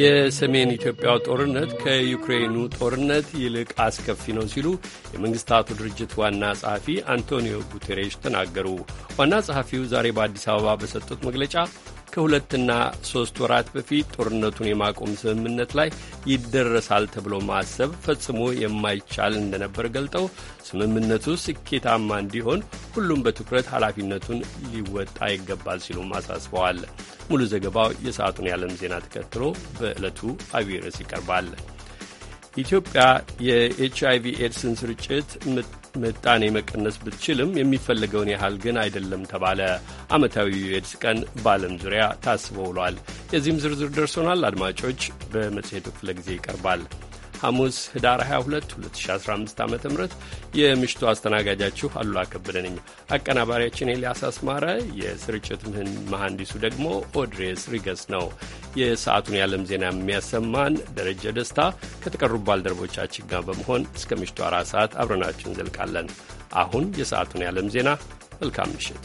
የሰሜን ኢትዮጵያው ጦርነት ከዩክሬኑ ጦርነት ይልቅ አስከፊ ነው ሲሉ የመንግስታቱ ድርጅት ዋና ጸሐፊ አንቶኒዮ ጉቴሬሽ ተናገሩ። ዋና ጸሐፊው ዛሬ በአዲስ አበባ በሰጡት መግለጫ ከሁለትና ሦስት ወራት በፊት ጦርነቱን የማቆም ስምምነት ላይ ይደረሳል ተብሎ ማሰብ ፈጽሞ የማይቻል እንደነበር ገልጠው ስምምነቱ ስኬታማ እንዲሆን ሁሉም በትኩረት ኃላፊነቱን ሊወጣ ይገባል ሲሉም አሳስበዋል። ሙሉ ዘገባው የሰዓቱን የዓለም ዜና ተከትሎ በዕለቱ አብይ ርዕስ ይቀርባል። ኢትዮጵያ የኤች አይቪ ኤድስን ስርጭት ምጣኔ መቀነስ ብትችልም የሚፈለገውን ያህል ግን አይደለም ተባለ። ዓመታዊ የኤድስ ቀን በዓለም ዙሪያ ታስቦ ውሏል። የዚህም ዝርዝር ደርሶናል። አድማጮች፣ በመጽሔቱ ክፍለ ጊዜ ይቀርባል። ሐሙስ ህዳር 22 2015 ዓ ም የምሽቱ አስተናጋጃችሁ አሉላ ከበደ ነኝ። አቀናባሪያችን ኤልያስ አስማረ፣ የስርጭት ምህን መሐንዲሱ ደግሞ ኦድሬስ ሪገስ ነው። የሰዓቱን የዓለም ዜና የሚያሰማን ደረጀ ደስታ ከተቀሩ ባልደረቦቻችን ጋር በመሆን እስከ ምሽቱ አራት ሰዓት አብረናችሁ እንዘልቃለን። አሁን የሰዓቱን የዓለም ዜና። መልካም ምሽት።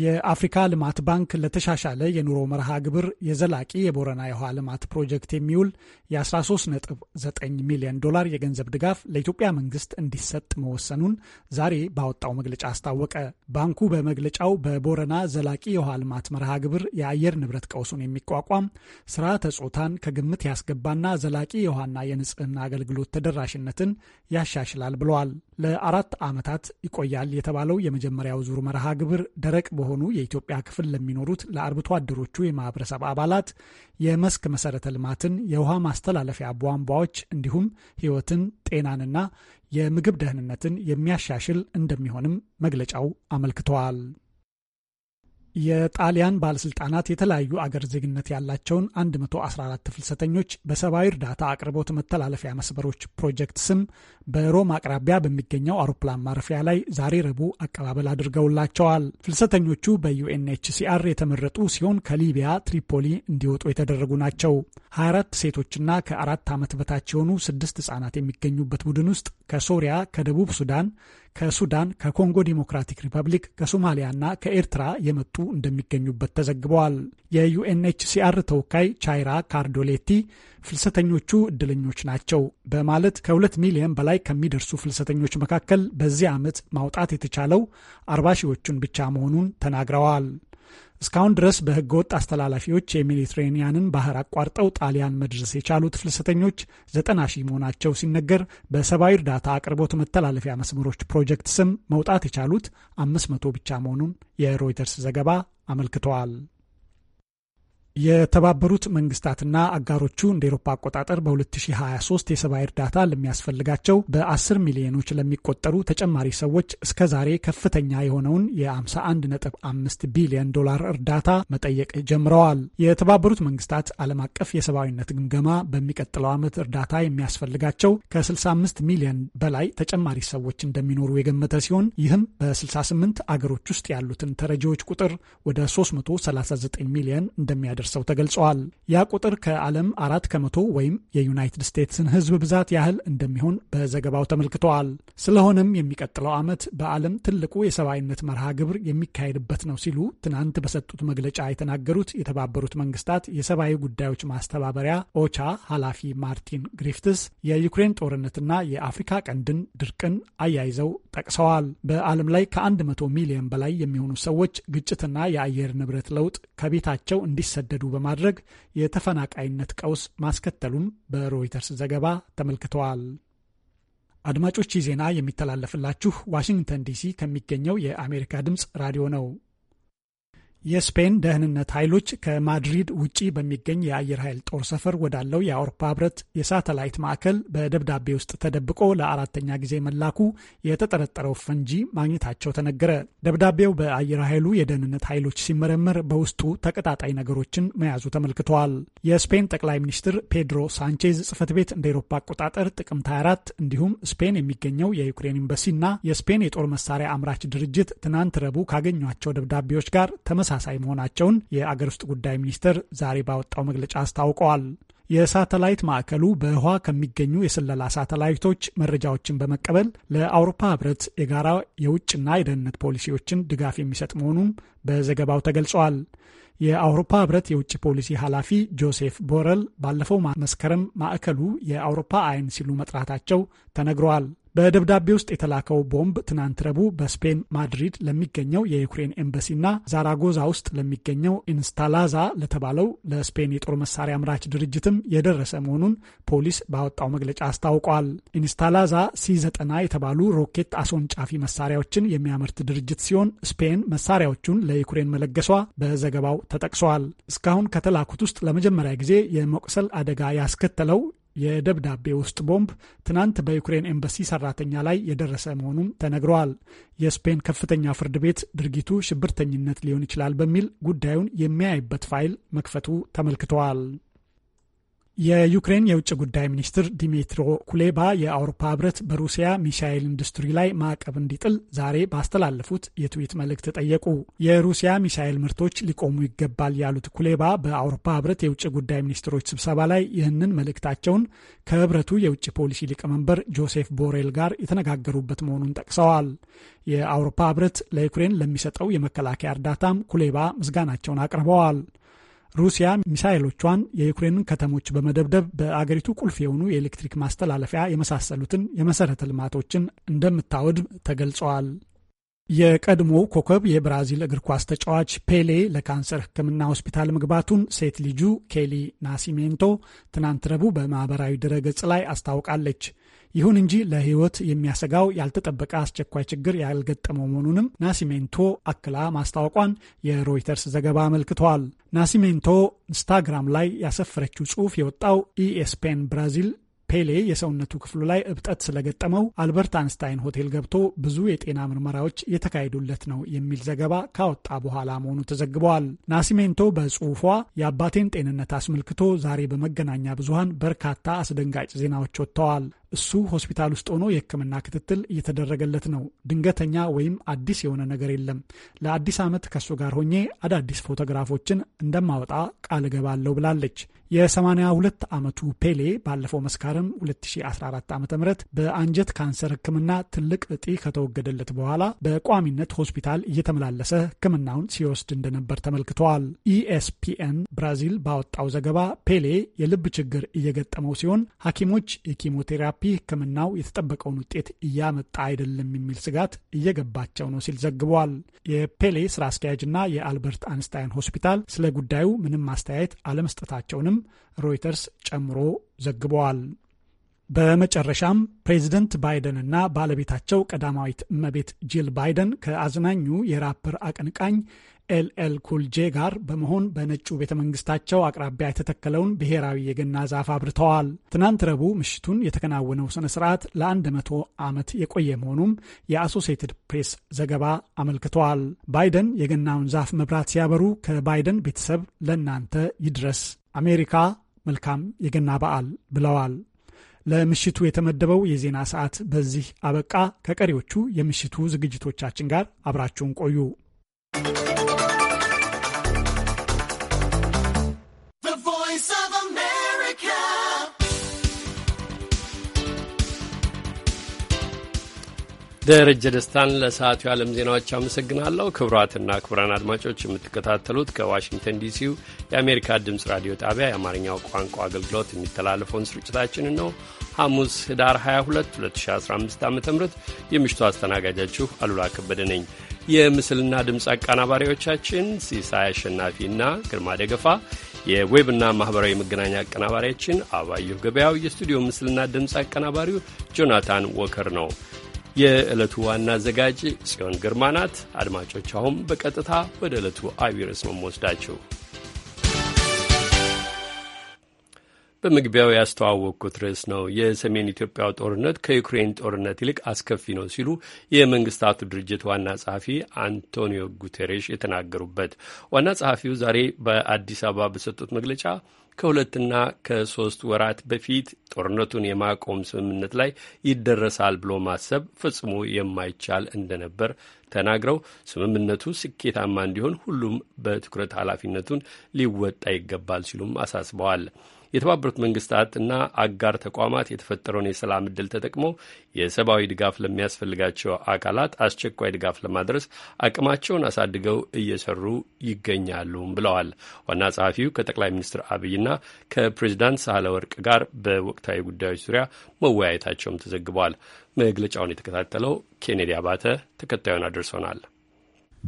የአፍሪካ ልማት ባንክ ለተሻሻለ የኑሮ መርሃ ግብር የዘላቂ የቦረና የውሃ ልማት ፕሮጀክት የሚውል የ13.9 ሚሊዮን ዶላር የገንዘብ ድጋፍ ለኢትዮጵያ መንግስት እንዲሰጥ መወሰኑን ዛሬ ባወጣው መግለጫ አስታወቀ። ባንኩ በመግለጫው በቦረና ዘላቂ የውሃ ልማት መርሃ ግብር የአየር ንብረት ቀውሱን የሚቋቋም ስራ ተጾታን ከግምት ያስገባና ዘላቂ የውሃና የንጽህና አገልግሎት ተደራሽነትን ያሻሽላል ብለዋል። ለአራት ዓመታት ይቆያል የተባለው የመጀመሪያው ዙር መርሃ ግብር ደረቅ በሆኑ የኢትዮጵያ ክፍል ለሚኖሩት ለአርብቶ አደሮቹ የማህበረሰብ አባላት የመስክ መሰረተ ልማትን፣ የውሃ ማስተላለፊያ ቧንቧዎች እንዲሁም ህይወትን ጤናንና የምግብ ደህንነትን የሚያሻሽል እንደሚሆንም መግለጫው አመልክተዋል። የጣሊያን ባለስልጣናት የተለያዩ አገር ዜግነት ያላቸውን 114 ፍልሰተኞች በሰብአዊ እርዳታ አቅርቦት መተላለፊያ መስመሮች ፕሮጀክት ስም በሮም አቅራቢያ በሚገኘው አውሮፕላን ማረፊያ ላይ ዛሬ ረቡዕ አቀባበል አድርገውላቸዋል። ፍልሰተኞቹ በዩኤንኤችሲአር የተመረጡ ሲሆን ከሊቢያ ትሪፖሊ እንዲወጡ የተደረጉ ናቸው። 24 ሴቶችና ከአራት ዓመት በታች የሆኑ ስድስት ህጻናት የሚገኙበት ቡድን ውስጥ ከሶሪያ፣ ከደቡብ ሱዳን ከሱዳን፣ ከኮንጎ ዲሞክራቲክ ሪፐብሊክ፣ ከሶማሊያና ከኤርትራ የመጡ እንደሚገኙበት ተዘግበዋል። የዩኤንኤችሲአር ተወካይ ቻይራ ካርዶሌቲ ፍልሰተኞቹ እድለኞች ናቸው በማለት ከሁለት ሚሊዮን በላይ ከሚደርሱ ፍልሰተኞች መካከል በዚህ ዓመት ማውጣት የተቻለው አርባ ሺዎቹን ብቻ መሆኑን ተናግረዋል። እስካሁን ድረስ በህገ ወጥ አስተላላፊዎች የሜዲትሬኒያንን ባህር አቋርጠው ጣሊያን መድረስ የቻሉት ፍልሰተኞች ዘጠና ሺህ መሆናቸው ሲነገር በሰብአዊ እርዳታ አቅርቦት መተላለፊያ መስመሮች ፕሮጀክት ስም መውጣት የቻሉት አምስት መቶ ብቻ መሆኑን የሮይተርስ ዘገባ አመልክተዋል። የተባበሩት መንግስታትና አጋሮቹ እንደ ኤሮፓ አቆጣጠር በ2023 የሰብአዊ እርዳታ ለሚያስፈልጋቸው በ10 ሚሊዮኖች ለሚቆጠሩ ተጨማሪ ሰዎች እስከ ዛሬ ከፍተኛ የሆነውን የ51.5 ቢሊዮን ዶላር እርዳታ መጠየቅ ጀምረዋል። የተባበሩት መንግስታት ዓለም አቀፍ የሰብአዊነት ግምገማ በሚቀጥለው ዓመት እርዳታ የሚያስፈልጋቸው ከ65 ሚሊዮን በላይ ተጨማሪ ሰዎች እንደሚኖሩ የገመተ ሲሆን ይህም በ68 አገሮች ውስጥ ያሉትን ተረጂዎች ቁጥር ወደ 339 ሚሊዮን እንደሚያደ እንደሚያደርሰው ተገልጸዋል። ያ ቁጥር ከዓለም አራት ከመቶ ወይም የዩናይትድ ስቴትስን ሕዝብ ብዛት ያህል እንደሚሆን በዘገባው ተመልክተዋል። ስለሆነም የሚቀጥለው ዓመት በዓለም ትልቁ የሰብአዊነት መርሃ ግብር የሚካሄድበት ነው ሲሉ ትናንት በሰጡት መግለጫ የተናገሩት የተባበሩት መንግስታት የሰብአዊ ጉዳዮች ማስተባበሪያ ኦቻ ኃላፊ ማርቲን ግሪፍትስ የዩክሬን ጦርነትና የአፍሪካ ቀንድን ድርቅን አያይዘው ጠቅሰዋል። በዓለም ላይ ከአንድ መቶ ሚሊዮን በላይ የሚሆኑ ሰዎች ግጭትና የአየር ንብረት ለውጥ ከቤታቸው እንዲሰደ እንዲሰደዱ በማድረግ የተፈናቃይነት ቀውስ ማስከተሉን በሮይተርስ ዘገባ ተመልክተዋል። አድማጮች ዜና የሚተላለፍላችሁ ዋሽንግተን ዲሲ ከሚገኘው የአሜሪካ ድምፅ ራዲዮ ነው። የስፔን ደህንነት ኃይሎች ከማድሪድ ውጪ በሚገኝ የአየር ኃይል ጦር ሰፈር ወዳለው የአውሮፓ ህብረት የሳተላይት ማዕከል በደብዳቤ ውስጥ ተደብቆ ለአራተኛ ጊዜ መላኩ የተጠረጠረው ፈንጂ ማግኘታቸው ተነገረ። ደብዳቤው በአየር ኃይሉ የደህንነት ኃይሎች ሲመረመር በውስጡ ተቀጣጣይ ነገሮችን መያዙ ተመልክተዋል። የስፔን ጠቅላይ ሚኒስትር ፔድሮ ሳንቼዝ ጽህፈት ቤት እንደ ኤሮፓ አቆጣጠር ጥቅምት 24 እንዲሁም ስፔን የሚገኘው የዩክሬን ና የስፔን የጦር መሳሪያ አምራች ድርጅት ትናንት ረቡዕ ካገኟቸው ደብዳቤዎች ጋር ተመሳ ተመሳሳይ መሆናቸውን የአገር ውስጥ ጉዳይ ሚኒስቴር ዛሬ ባወጣው መግለጫ አስታውቀዋል። የሳተላይት ማዕከሉ በህዋ ከሚገኙ የስለላ ሳተላይቶች መረጃዎችን በመቀበል ለአውሮፓ ህብረት የጋራ የውጭና የደህንነት ፖሊሲዎችን ድጋፍ የሚሰጥ መሆኑም በዘገባው ተገልጿል። የአውሮፓ ህብረት የውጭ ፖሊሲ ኃላፊ ጆሴፍ ቦረል ባለፈው መስከረም ማዕከሉ የአውሮፓ አይን ሲሉ መጥራታቸው ተነግረዋል። በደብዳቤ ውስጥ የተላከው ቦምብ ትናንት ረቡዕ በስፔን ማድሪድ ለሚገኘው የዩክሬን ኤምባሲና ዛራጎዛ ውስጥ ለሚገኘው ኢንስታላዛ ለተባለው ለስፔን የጦር መሳሪያ አምራች ድርጅትም የደረሰ መሆኑን ፖሊስ ባወጣው መግለጫ አስታውቋል። ኢንስታላዛ ሲ90 የተባሉ ሮኬት አስወንጫፊ መሳሪያዎችን የሚያመርት ድርጅት ሲሆን ስፔን መሳሪያዎቹን ለዩክሬን መለገሷ በዘገባው ተጠቅሷል። እስካሁን ከተላኩት ውስጥ ለመጀመሪያ ጊዜ የመቁሰል አደጋ ያስከተለው የደብዳቤ ውስጥ ቦምብ ትናንት በዩክሬን ኤምባሲ ሰራተኛ ላይ የደረሰ መሆኑም ተነግረዋል። የስፔን ከፍተኛ ፍርድ ቤት ድርጊቱ ሽብርተኝነት ሊሆን ይችላል በሚል ጉዳዩን የሚያይበት ፋይል መክፈቱ ተመልክተዋል። የዩክሬን የውጭ ጉዳይ ሚኒስትር ዲሚትሮ ኩሌባ የአውሮፓ ህብረት በሩሲያ ሚሳኤል ኢንዱስትሪ ላይ ማዕቀብ እንዲጥል ዛሬ ባስተላለፉት የትዊት መልእክት ጠየቁ። የሩሲያ ሚሳኤል ምርቶች ሊቆሙ ይገባል ያሉት ኩሌባ በአውሮፓ ህብረት የውጭ ጉዳይ ሚኒስትሮች ስብሰባ ላይ ይህንን መልእክታቸውን ከህብረቱ የውጭ ፖሊሲ ሊቀመንበር ጆሴፍ ቦሬል ጋር የተነጋገሩበት መሆኑን ጠቅሰዋል። የአውሮፓ ህብረት ለዩክሬን ለሚሰጠው የመከላከያ እርዳታም ኩሌባ ምስጋናቸውን አቅርበዋል። ሩሲያ ሚሳይሎቿን የዩክሬንን ከተሞች በመደብደብ በአገሪቱ ቁልፍ የሆኑ የኤሌክትሪክ ማስተላለፊያ የመሳሰሉትን የመሰረተ ልማቶችን እንደምታወድም ተገልጸዋል። የቀድሞው ኮከብ የብራዚል እግር ኳስ ተጫዋች ፔሌ ለካንሰር ሕክምና ሆስፒታል መግባቱን ሴት ልጁ ኬሊ ናሲሜንቶ ትናንት ረቡዕ በማህበራዊ ድረገጽ ላይ አስታውቃለች። ይሁን እንጂ ለህይወት የሚያሰጋው ያልተጠበቀ አስቸኳይ ችግር ያልገጠመው መሆኑንም ናሲሜንቶ አክላ ማስታወቋን የሮይተርስ ዘገባ አመልክተዋል። ናሲሜንቶ ኢንስታግራም ላይ ያሰፈረችው ጽሑፍ የወጣው ኢኤስፔን ብራዚል ፔሌ የሰውነቱ ክፍሉ ላይ እብጠት ስለገጠመው አልበርት አንስታይን ሆቴል ገብቶ ብዙ የጤና ምርመራዎች የተካሄዱለት ነው የሚል ዘገባ ካወጣ በኋላ መሆኑ ተዘግበዋል። ናሲሜንቶ በጽሁፏ የአባቴን ጤንነት አስመልክቶ ዛሬ በመገናኛ ብዙሃን በርካታ አስደንጋጭ ዜናዎች ወጥተዋል። እሱ ሆስፒታል ውስጥ ሆኖ የሕክምና ክትትል እየተደረገለት ነው። ድንገተኛ ወይም አዲስ የሆነ ነገር የለም። ለአዲስ ዓመት ከእሱ ጋር ሆኜ አዳዲስ ፎቶግራፎችን እንደማወጣ ቃል እገባለሁ ብላለች። የ82 ዓመቱ ፔሌ ባለፈው መስካረም 2014 ዓ ም በአንጀት ካንሰር ሕክምና ትልቅ እጢ ከተወገደለት በኋላ በቋሚነት ሆስፒታል እየተመላለሰ ሕክምናውን ሲወስድ እንደነበር ተመልክተዋል። ኢኤስፒኤን ብራዚል ባወጣው ዘገባ ፔሌ የልብ ችግር እየገጠመው ሲሆን ሐኪሞች የኪሞቴራ የቴራፒ ሕክምናው የተጠበቀውን ውጤት እያመጣ አይደለም የሚል ስጋት እየገባቸው ነው ሲል ዘግቧል። የፔሌ ስራ አስኪያጅና የአልበርት አንስታይን ሆስፒታል ስለ ጉዳዩ ምንም አስተያየት አለመስጠታቸውንም ሮይተርስ ጨምሮ ዘግበዋል። በመጨረሻም ፕሬዚደንት ባይደን እና ባለቤታቸው ቀዳማዊት እመቤት ጂል ባይደን ከአዝናኙ የራፐር አቀንቃኝ ኤልኤል ኩልጄ ጋር በመሆን በነጩ ቤተ መንግስታቸው አቅራቢያ የተተከለውን ብሔራዊ የገና ዛፍ አብርተዋል። ትናንት ረቡዕ ምሽቱን የተከናወነው ስነ ስርዓት ለአንድ መቶ ዓመት የቆየ መሆኑም የአሶሴትድ ፕሬስ ዘገባ አመልክተዋል። ባይደን የገናውን ዛፍ መብራት ሲያበሩ ከባይደን ቤተሰብ ለእናንተ ይድረስ አሜሪካ መልካም የገና በዓል ብለዋል። ለምሽቱ የተመደበው የዜና ሰዓት በዚህ አበቃ። ከቀሪዎቹ የምሽቱ ዝግጅቶቻችን ጋር አብራችሁን ቆዩ። ደረጀ ደስታን ለሰዓቱ የዓለም ዜናዎች አመሰግናለሁ። ክቡራትና ክቡራን አድማጮች የምትከታተሉት ከዋሽንግተን ዲሲው የአሜሪካ ድምፅ ራዲዮ ጣቢያ የአማርኛው ቋንቋ አገልግሎት የሚተላለፈውን ስርጭታችንን ነው። ሐሙስ ህዳር 22 2015 ዓ ም የምሽቱ አስተናጋጃችሁ አሉላ ከበደ ነኝ። የምስልና ድምፅ አቀናባሪዎቻችን ሲሳይ አሸናፊና ግርማ ደገፋ የዌብና ማኅበራዊ መገናኛ አቀናባሪያችን አባየሁ ገበያው፣ የስቱዲዮ ምስልና ድምፅ አቀናባሪው ጆናታን ወከር ነው። የዕለቱ ዋና አዘጋጅ ጽዮን ግርማ ናት። አድማጮች፣ አሁን በቀጥታ ወደ ዕለቱ አብይ ነው የምወስዳችሁ። በመግቢያው ያስተዋወቅኩት ርዕስ ነው። የሰሜን ኢትዮጵያው ጦርነት ከዩክሬን ጦርነት ይልቅ አስከፊ ነው ሲሉ የመንግስታቱ ድርጅት ዋና ጸሐፊ አንቶኒዮ ጉቴሬሽ የተናገሩበት ዋና ጸሐፊው ዛሬ በአዲስ አበባ በሰጡት መግለጫ ከሁለትና ከሶስት ወራት በፊት ጦርነቱን የማቆም ስምምነት ላይ ይደረሳል ብሎ ማሰብ ፈጽሞ የማይቻል እንደነበር ተናግረው ስምምነቱ ስኬታማ እንዲሆን ሁሉም በትኩረት ኃላፊነቱን ሊወጣ ይገባል ሲሉም አሳስበዋል። የተባበሩት መንግስታት እና አጋር ተቋማት የተፈጠረውን የሰላም እድል ተጠቅሞ የሰብአዊ ድጋፍ ለሚያስፈልጋቸው አካላት አስቸኳይ ድጋፍ ለማድረስ አቅማቸውን አሳድገው እየሰሩ ይገኛሉም ብለዋል። ዋና ጸሐፊው ከጠቅላይ ሚኒስትር አብይና ከፕሬዚዳንት ሳህለ ወርቅ ጋር በወቅታዊ ጉዳዮች ዙሪያ መወያየታቸውም ተዘግበዋል። መግለጫውን የተከታተለው ኬኔዲ አባተ ተከታዩን አድርሶናል።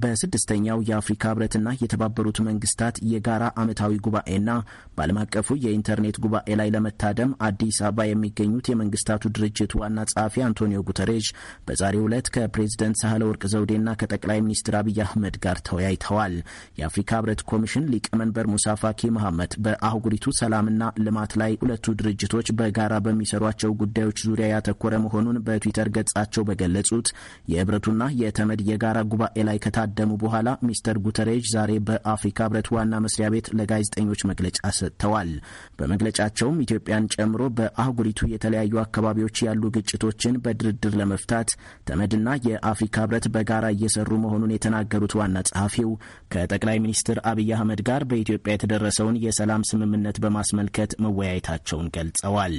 በስድስተኛው የአፍሪካ ህብረትና የተባበሩት መንግስታት የጋራ ዓመታዊ ጉባኤና በዓለም አቀፉ የኢንተርኔት ጉባኤ ላይ ለመታደም አዲስ አበባ የሚገኙት የመንግስታቱ ድርጅት ዋና ጸሐፊ አንቶኒዮ ጉተሬዥ በዛሬው ዕለት ከፕሬዝደንት ሳህለ ወርቅ ዘውዴና ከጠቅላይ ሚኒስትር አብይ አህመድ ጋር ተወያይተዋል። የአፍሪካ ህብረት ኮሚሽን ሊቀመንበር ሙሳ ፋኪ መሐመድ በአህጉሪቱ ሰላምና ልማት ላይ ሁለቱ ድርጅቶች በጋራ በሚሰሯቸው ጉዳዮች ዙሪያ ያተኮረ መሆኑን በትዊተር ገጻቸው በገለጹት የህብረቱና የተመድ የጋራ ጉባኤ ላይ ከታ ከታደሙ በኋላ ሚስተር ጉተሬጅ ዛሬ በአፍሪካ ህብረት ዋና መስሪያ ቤት ለጋዜጠኞች መግለጫ ሰጥተዋል። በመግለጫቸውም ኢትዮጵያን ጨምሮ በአህጉሪቱ የተለያዩ አካባቢዎች ያሉ ግጭቶችን በድርድር ለመፍታት ተመድና የአፍሪካ ህብረት በጋራ እየሰሩ መሆኑን የተናገሩት ዋና ጸሐፊው ከጠቅላይ ሚኒስትር አብይ አህመድ ጋር በኢትዮጵያ የተደረሰውን የሰላም ስምምነት በማስመልከት መወያየታቸውን ገልጸዋል።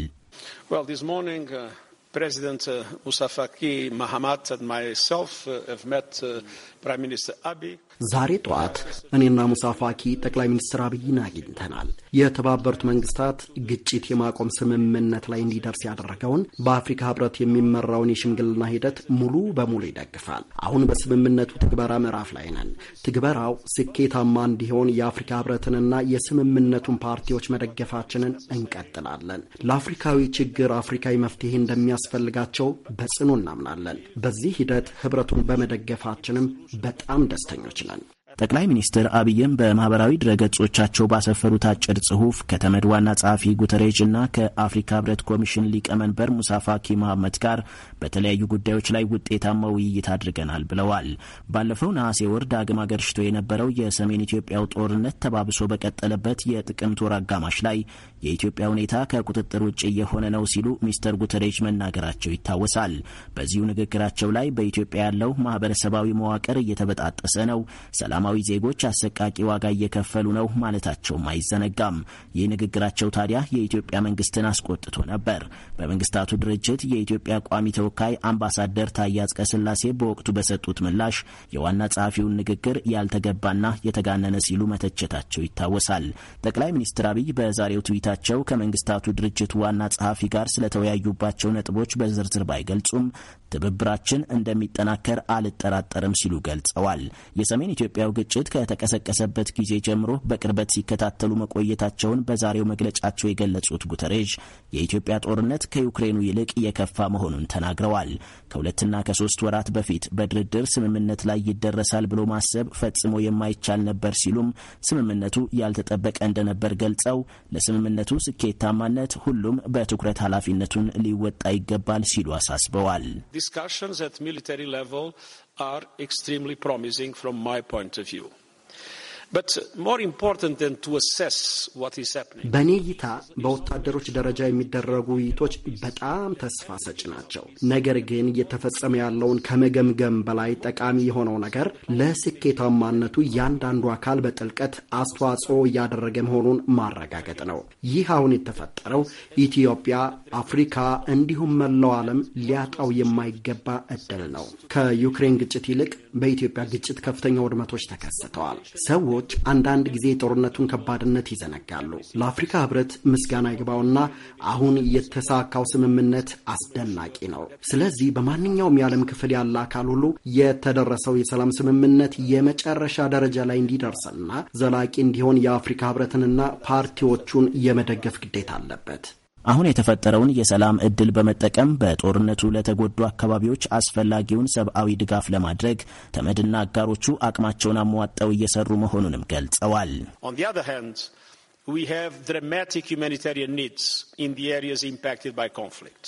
uh, President uh, Mahamat and myself uh, have met uh, Prime Minister Abiy. ዛሬ ጠዋት እኔና ሙሳ ፋኪ ጠቅላይ ሚኒስትር አብይን አግኝተናል። የተባበሩት መንግስታት ግጭት የማቆም ስምምነት ላይ እንዲደርስ ያደረገውን በአፍሪካ ህብረት የሚመራውን የሽምግልና ሂደት ሙሉ በሙሉ ይደግፋል። አሁን በስምምነቱ ትግበራ ምዕራፍ ላይ ነን። ትግበራው ስኬታማ እንዲሆን የአፍሪካ ህብረትንና የስምምነቱን ፓርቲዎች መደገፋችንን እንቀጥላለን። ለአፍሪካዊ ችግር አፍሪካዊ መፍትሄ እንደሚያስፈልጋቸው በጽኑ እናምናለን። በዚህ ሂደት ህብረቱን በመደገፋችንም በጣም ደስተኞች ነን። ጠቅላይ ሚኒስትር አብይም በማህበራዊ ድረገጾቻቸው ባሰፈሩት አጭር ጽሁፍ ከተመድ ዋና ጸሐፊ ጉተሬጅ እና ከአፍሪካ ህብረት ኮሚሽን ሊቀመንበር ሙሳ ፋኪ መሐመድ ጋር በተለያዩ ጉዳዮች ላይ ውጤታማ ውይይት አድርገናል ብለዋል። ባለፈው ነሐሴ ወር ዳግም አገርሽቶ የነበረው የሰሜን ኢትዮጵያው ጦርነት ተባብሶ በቀጠለበት የጥቅምት ወር አጋማሽ ላይ የኢትዮጵያ ሁኔታ ከቁጥጥር ውጭ እየሆነ ነው ሲሉ ሚስተር ጉተሬጅ መናገራቸው ይታወሳል። በዚሁ ንግግራቸው ላይ በኢትዮጵያ ያለው ማህበረሰባዊ መዋቅር እየተበጣጠሰ ነው፣ ሰላም ሰላማዊ ዜጎች አሰቃቂ ዋጋ እየከፈሉ ነው ማለታቸውም አይዘነጋም። ይህ ንግግራቸው ታዲያ የኢትዮጵያ መንግስትን አስቆጥቶ ነበር። በመንግስታቱ ድርጅት የኢትዮጵያ ቋሚ ተወካይ አምባሳደር ታዬ አጽቀሥላሴ በወቅቱ በሰጡት ምላሽ የዋና ጸሐፊውን ንግግር ያልተገባና የተጋነነ ሲሉ መተቸታቸው ይታወሳል። ጠቅላይ ሚኒስትር አብይ በዛሬው ትዊታቸው ከመንግስታቱ ድርጅት ዋና ጸሐፊ ጋር ስለተወያዩባቸው ነጥቦች በዝርዝር ባይገልጹም ትብብራችን እንደሚጠናከር አልጠራጠርም ሲሉ ገልጸዋል። የሰሜን ኢትዮጵያው ግጭት ከተቀሰቀሰበት ጊዜ ጀምሮ በቅርበት ሲከታተሉ መቆየታቸውን በዛሬው መግለጫቸው የገለጹት ጉተሬዥ የኢትዮጵያ ጦርነት ከዩክሬኑ ይልቅ የከፋ መሆኑን ተናግረዋል። ከሁለትና ከሶስት ወራት በፊት በድርድር ስምምነት ላይ ይደረሳል ብሎ ማሰብ ፈጽሞ የማይቻል ነበር ሲሉም ስምምነቱ ያልተጠበቀ እንደነበር ገልጸው ለስምምነቱ ስኬታማነት ሁሉም በትኩረት ኃላፊነቱን ሊወጣ ይገባል ሲሉ አሳስበዋል። discussions at military level are extremely promising from my point of view. በእኔ እይታ በወታደሮች ደረጃ የሚደረጉ ውይይቶች በጣም ተስፋ ሰጭ ናቸው። ነገር ግን እየተፈጸመ ያለውን ከመገምገም በላይ ጠቃሚ የሆነው ነገር ለስኬታማነቱ እያንዳንዱ አካል በጥልቀት አስተዋጽኦ እያደረገ መሆኑን ማረጋገጥ ነው። ይህ አሁን የተፈጠረው ኢትዮጵያ፣ አፍሪካ እንዲሁም መላው ዓለም ሊያጣው የማይገባ እድል ነው። ከዩክሬን ግጭት ይልቅ በኢትዮጵያ ግጭት ከፍተኛ ውድመቶች ተከስተዋል። ሰዎች ወገኖች አንዳንድ ጊዜ የጦርነቱን ከባድነት ይዘነጋሉ። ለአፍሪካ ህብረት ምስጋና ይግባውና አሁን የተሳካው ስምምነት አስደናቂ ነው። ስለዚህ በማንኛውም የዓለም ክፍል ያለ አካል ሁሉ የተደረሰው የሰላም ስምምነት የመጨረሻ ደረጃ ላይ እንዲደርስና ዘላቂ እንዲሆን የአፍሪካ ህብረትንና ፓርቲዎቹን የመደገፍ ግዴታ አለበት። አሁን የተፈጠረውን የሰላም እድል በመጠቀም በጦርነቱ ለተጎዱ አካባቢዎች አስፈላጊውን ሰብአዊ ድጋፍ ለማድረግ ተመድና አጋሮቹ አቅማቸውን አሟጠው እየሰሩ መሆኑንም ገልጸዋል። We have dramatic humanitarian needs in the areas impacted by conflict.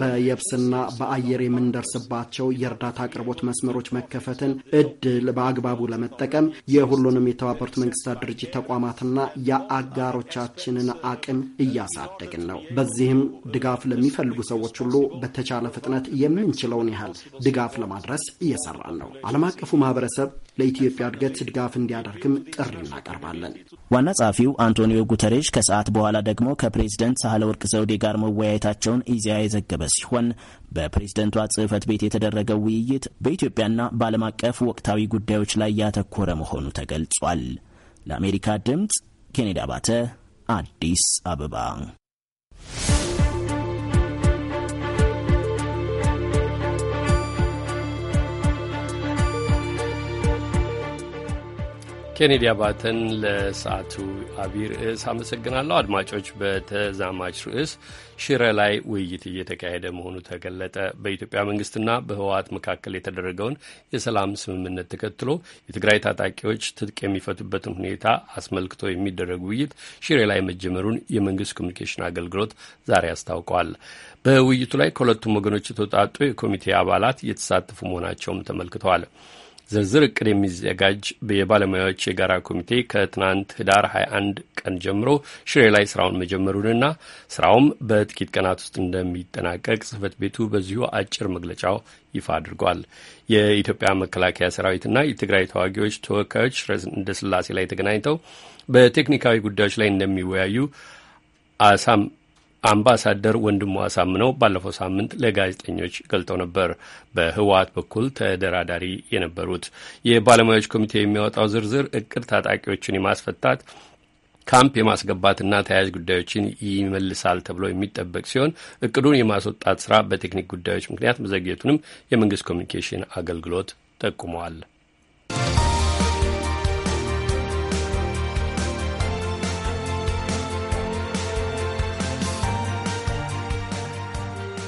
በየብስና በአየር የምንደርስባቸው የእርዳታ አቅርቦት መስመሮች መከፈትን እድል በአግባቡ ለመጠቀም የሁሉንም የተባበሩት መንግስታት ድርጅት ተቋማትና የአጋሮቻችንን አቅም እያሳደግን ነው። በዚህም ድጋፍ ለሚፈልጉ ሰዎች ሁሉ በተቻለ ፍጥነት የምንችለውን ያህል ድጋፍ ለማድረስ እየሰራን ነው። ዓለም አቀፉ ማህበረሰብ ለኢትዮጵያ እድገት ድጋፍ እንዲያደርግም ጥሪ እናቀርባለን። ዋና ጸሐፊው አንቶኒዮ ጉተሬሽ ከሰዓት በኋላ ደግሞ ከፕሬዝደንት ሳህለ ወርቅ ዘውዴ ጋር መወያየታቸውን ኢዜአ የዘገበ ሲሆን በፕሬዝደንቷ ጽህፈት ቤት የተደረገው ውይይት በኢትዮጵያና በዓለም አቀፍ ወቅታዊ ጉዳዮች ላይ ያተኮረ መሆኑ ተገልጿል። ለአሜሪካ ድምፅ ኬኔዲ አባተ አዲስ አበባ ኬኔዲ አባተን ለሰዓቱ አቢይ ርዕስ አመሰግናለሁ። አድማጮች፣ በተዛማች ርዕስ ሽረ ላይ ውይይት እየተካሄደ መሆኑ ተገለጠ። በኢትዮጵያ መንግስትና በህወሓት መካከል የተደረገውን የሰላም ስምምነት ተከትሎ የትግራይ ታጣቂዎች ትጥቅ የሚፈቱበትን ሁኔታ አስመልክቶ የሚደረግ ውይይት ሽሬ ላይ መጀመሩን የመንግስት ኮሚኒኬሽን አገልግሎት ዛሬ አስታውቋል። በውይይቱ ላይ ከሁለቱም ወገኖች የተውጣጡ የኮሚቴ አባላት እየተሳተፉ መሆናቸውም ተመልክተዋል። ዝርዝር እቅድ የሚዘጋጅ የባለሙያዎች የጋራ ኮሚቴ ከትናንት ህዳር 21 ቀን ጀምሮ ሽሬ ላይ ስራውን መጀመሩንና ስራውም በጥቂት ቀናት ውስጥ እንደሚጠናቀቅ ጽህፈት ቤቱ በዚሁ አጭር መግለጫው ይፋ አድርጓል። የኢትዮጵያ መከላከያ ሰራዊትና የትግራይ ተዋጊዎች ተወካዮች እንደ ስላሴ ላይ ተገናኝተው በቴክኒካዊ ጉዳዮች ላይ እንደሚወያዩ አሳም አምባሳደር ወንድሙ አሳምነው ባለፈው ሳምንት ለጋዜጠኞች ገልጠው ነበር። በህወሓት በኩል ተደራዳሪ የነበሩት የባለሙያዎች ኮሚቴ የሚያወጣው ዝርዝር እቅድ ታጣቂዎችን የማስፈታት ካምፕ የማስገባትና ተያያዥ ጉዳዮችን ይመልሳል ተብሎ የሚጠበቅ ሲሆን እቅዱን የማስወጣት ስራ በቴክኒክ ጉዳዮች ምክንያት መዘግየቱንም የመንግስት ኮሚኒኬሽን አገልግሎት ጠቁመዋል።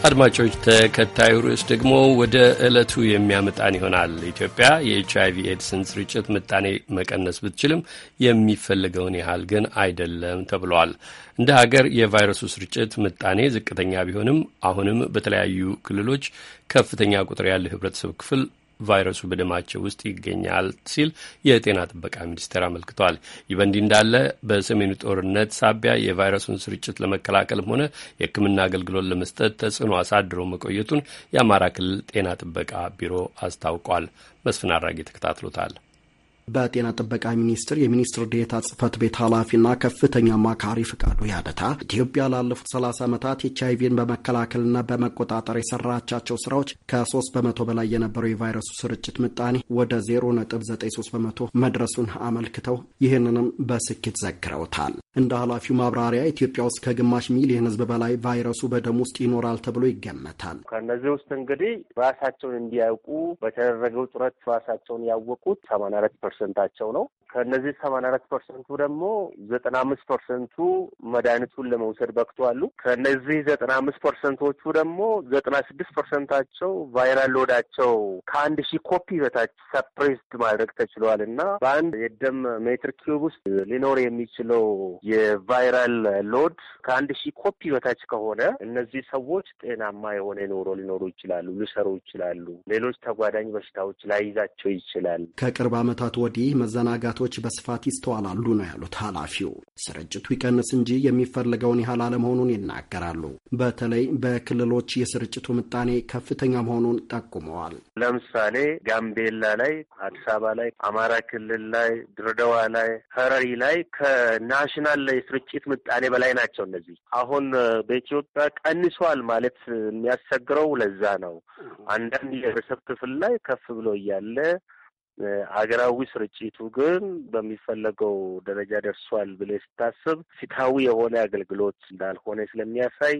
አድማጮች ተከታዩ ርዕስ ደግሞ ወደ ዕለቱ የሚያመጣን ይሆናል። ኢትዮጵያ የኤች ቪ ኤድስን ስርጭት ምጣኔ መቀነስ ብትችልም የሚፈልገውን ያህል ግን አይደለም ተብሏል። እንደ ሀገር የቫይረሱ ስርጭት ምጣኔ ዝቅተኛ ቢሆንም አሁንም በተለያዩ ክልሎች ከፍተኛ ቁጥር ያለው ህብረተሰብ ክፍል ቫይረሱ በደማቸው ውስጥ ይገኛል ሲል የጤና ጥበቃ ሚኒስቴር አመልክቷል። ይህ በእንዲህ እንዳለ በሰሜኑ ጦርነት ሳቢያ የቫይረሱን ስርጭት ለመከላከልም ሆነ የሕክምና አገልግሎት ለመስጠት ተጽዕኖ አሳድሮ መቆየቱን የአማራ ክልል ጤና ጥበቃ ቢሮ አስታውቋል። መስፍን አራጌ ተከታትሎታል። በጤና ጥበቃ ሚኒስቴር የሚኒስትር ዴታ ጽህፈት ቤት ኃላፊና ከፍተኛ አማካሪ ፍቃዱ ያደታ ኢትዮጵያ ላለፉት 30 ዓመታት ኤች አይቪን በመከላከልና በመቆጣጠር የሰራቻቸው ስራዎች ከ3 በመቶ በላይ የነበረው የቫይረሱ ስርጭት ምጣኔ ወደ 0.93 በመቶ መድረሱን አመልክተው ይህንንም በስኬት ዘክረውታል። እንደ ኃላፊው ማብራሪያ ኢትዮጵያ ውስጥ ከግማሽ ሚሊዮን ህዝብ በላይ ቫይረሱ በደም ውስጥ ይኖራል ተብሎ ይገመታል። ከእነዚህ ውስጥ እንግዲህ ራሳቸውን እንዲያውቁ በተደረገው ጥረት ራሳቸውን ያወቁት 84 ፐርሰንታቸው ነው። ከእነዚህ ሰማንያ አራት ፐርሰንቱ ደግሞ ዘጠና አምስት ፐርሰንቱ መድኃኒቱን ለመውሰድ በቅቶ አሉ። ከእነዚህ ዘጠና አምስት ፐርሰንቶቹ ደግሞ ዘጠና ስድስት ፐርሰንታቸው ቫይራል ሎዳቸው ከአንድ ሺህ ኮፒ በታች ሰፕሬስድ ማድረግ ተችሏል እና በአንድ የደም ሜትር ኪዩብ ውስጥ ሊኖር የሚችለው የቫይራል ሎድ ከአንድ ሺህ ኮፒ በታች ከሆነ እነዚህ ሰዎች ጤናማ የሆነ ኑሮ ሊኖሩ ይችላሉ፣ ሊሰሩ ይችላሉ። ሌሎች ተጓዳኝ በሽታዎች ላይዛቸው ይችላል። ከቅርብ ዓመታት ወዲህ መዘናጋት ጉዳቶች በስፋት ይስተዋላሉ ነው ያሉት ኃላፊው። ስርጭቱ ይቀንስ እንጂ የሚፈለገውን ያህል አለመሆኑን ይናገራሉ። በተለይ በክልሎች የስርጭቱ ምጣኔ ከፍተኛ መሆኑን ጠቁመዋል። ለምሳሌ ጋምቤላ ላይ፣ አዲስ አበባ ላይ፣ አማራ ክልል ላይ፣ ድሬዳዋ ላይ፣ ሀረሪ ላይ ከናሽናል የስርጭት ምጣኔ በላይ ናቸው። እነዚህ አሁን በኢትዮጵያ ቀንሷል ማለት የሚያስቸግረው ለዛ ነው። አንዳንድ የህብረተሰብ ክፍል ላይ ከፍ ብሎ እያለ አገራዊ ስርጭቱ ግን በሚፈለገው ደረጃ ደርሷል ብለ ስታስብ ፊታዊ የሆነ አገልግሎት እንዳልሆነ ስለሚያሳይ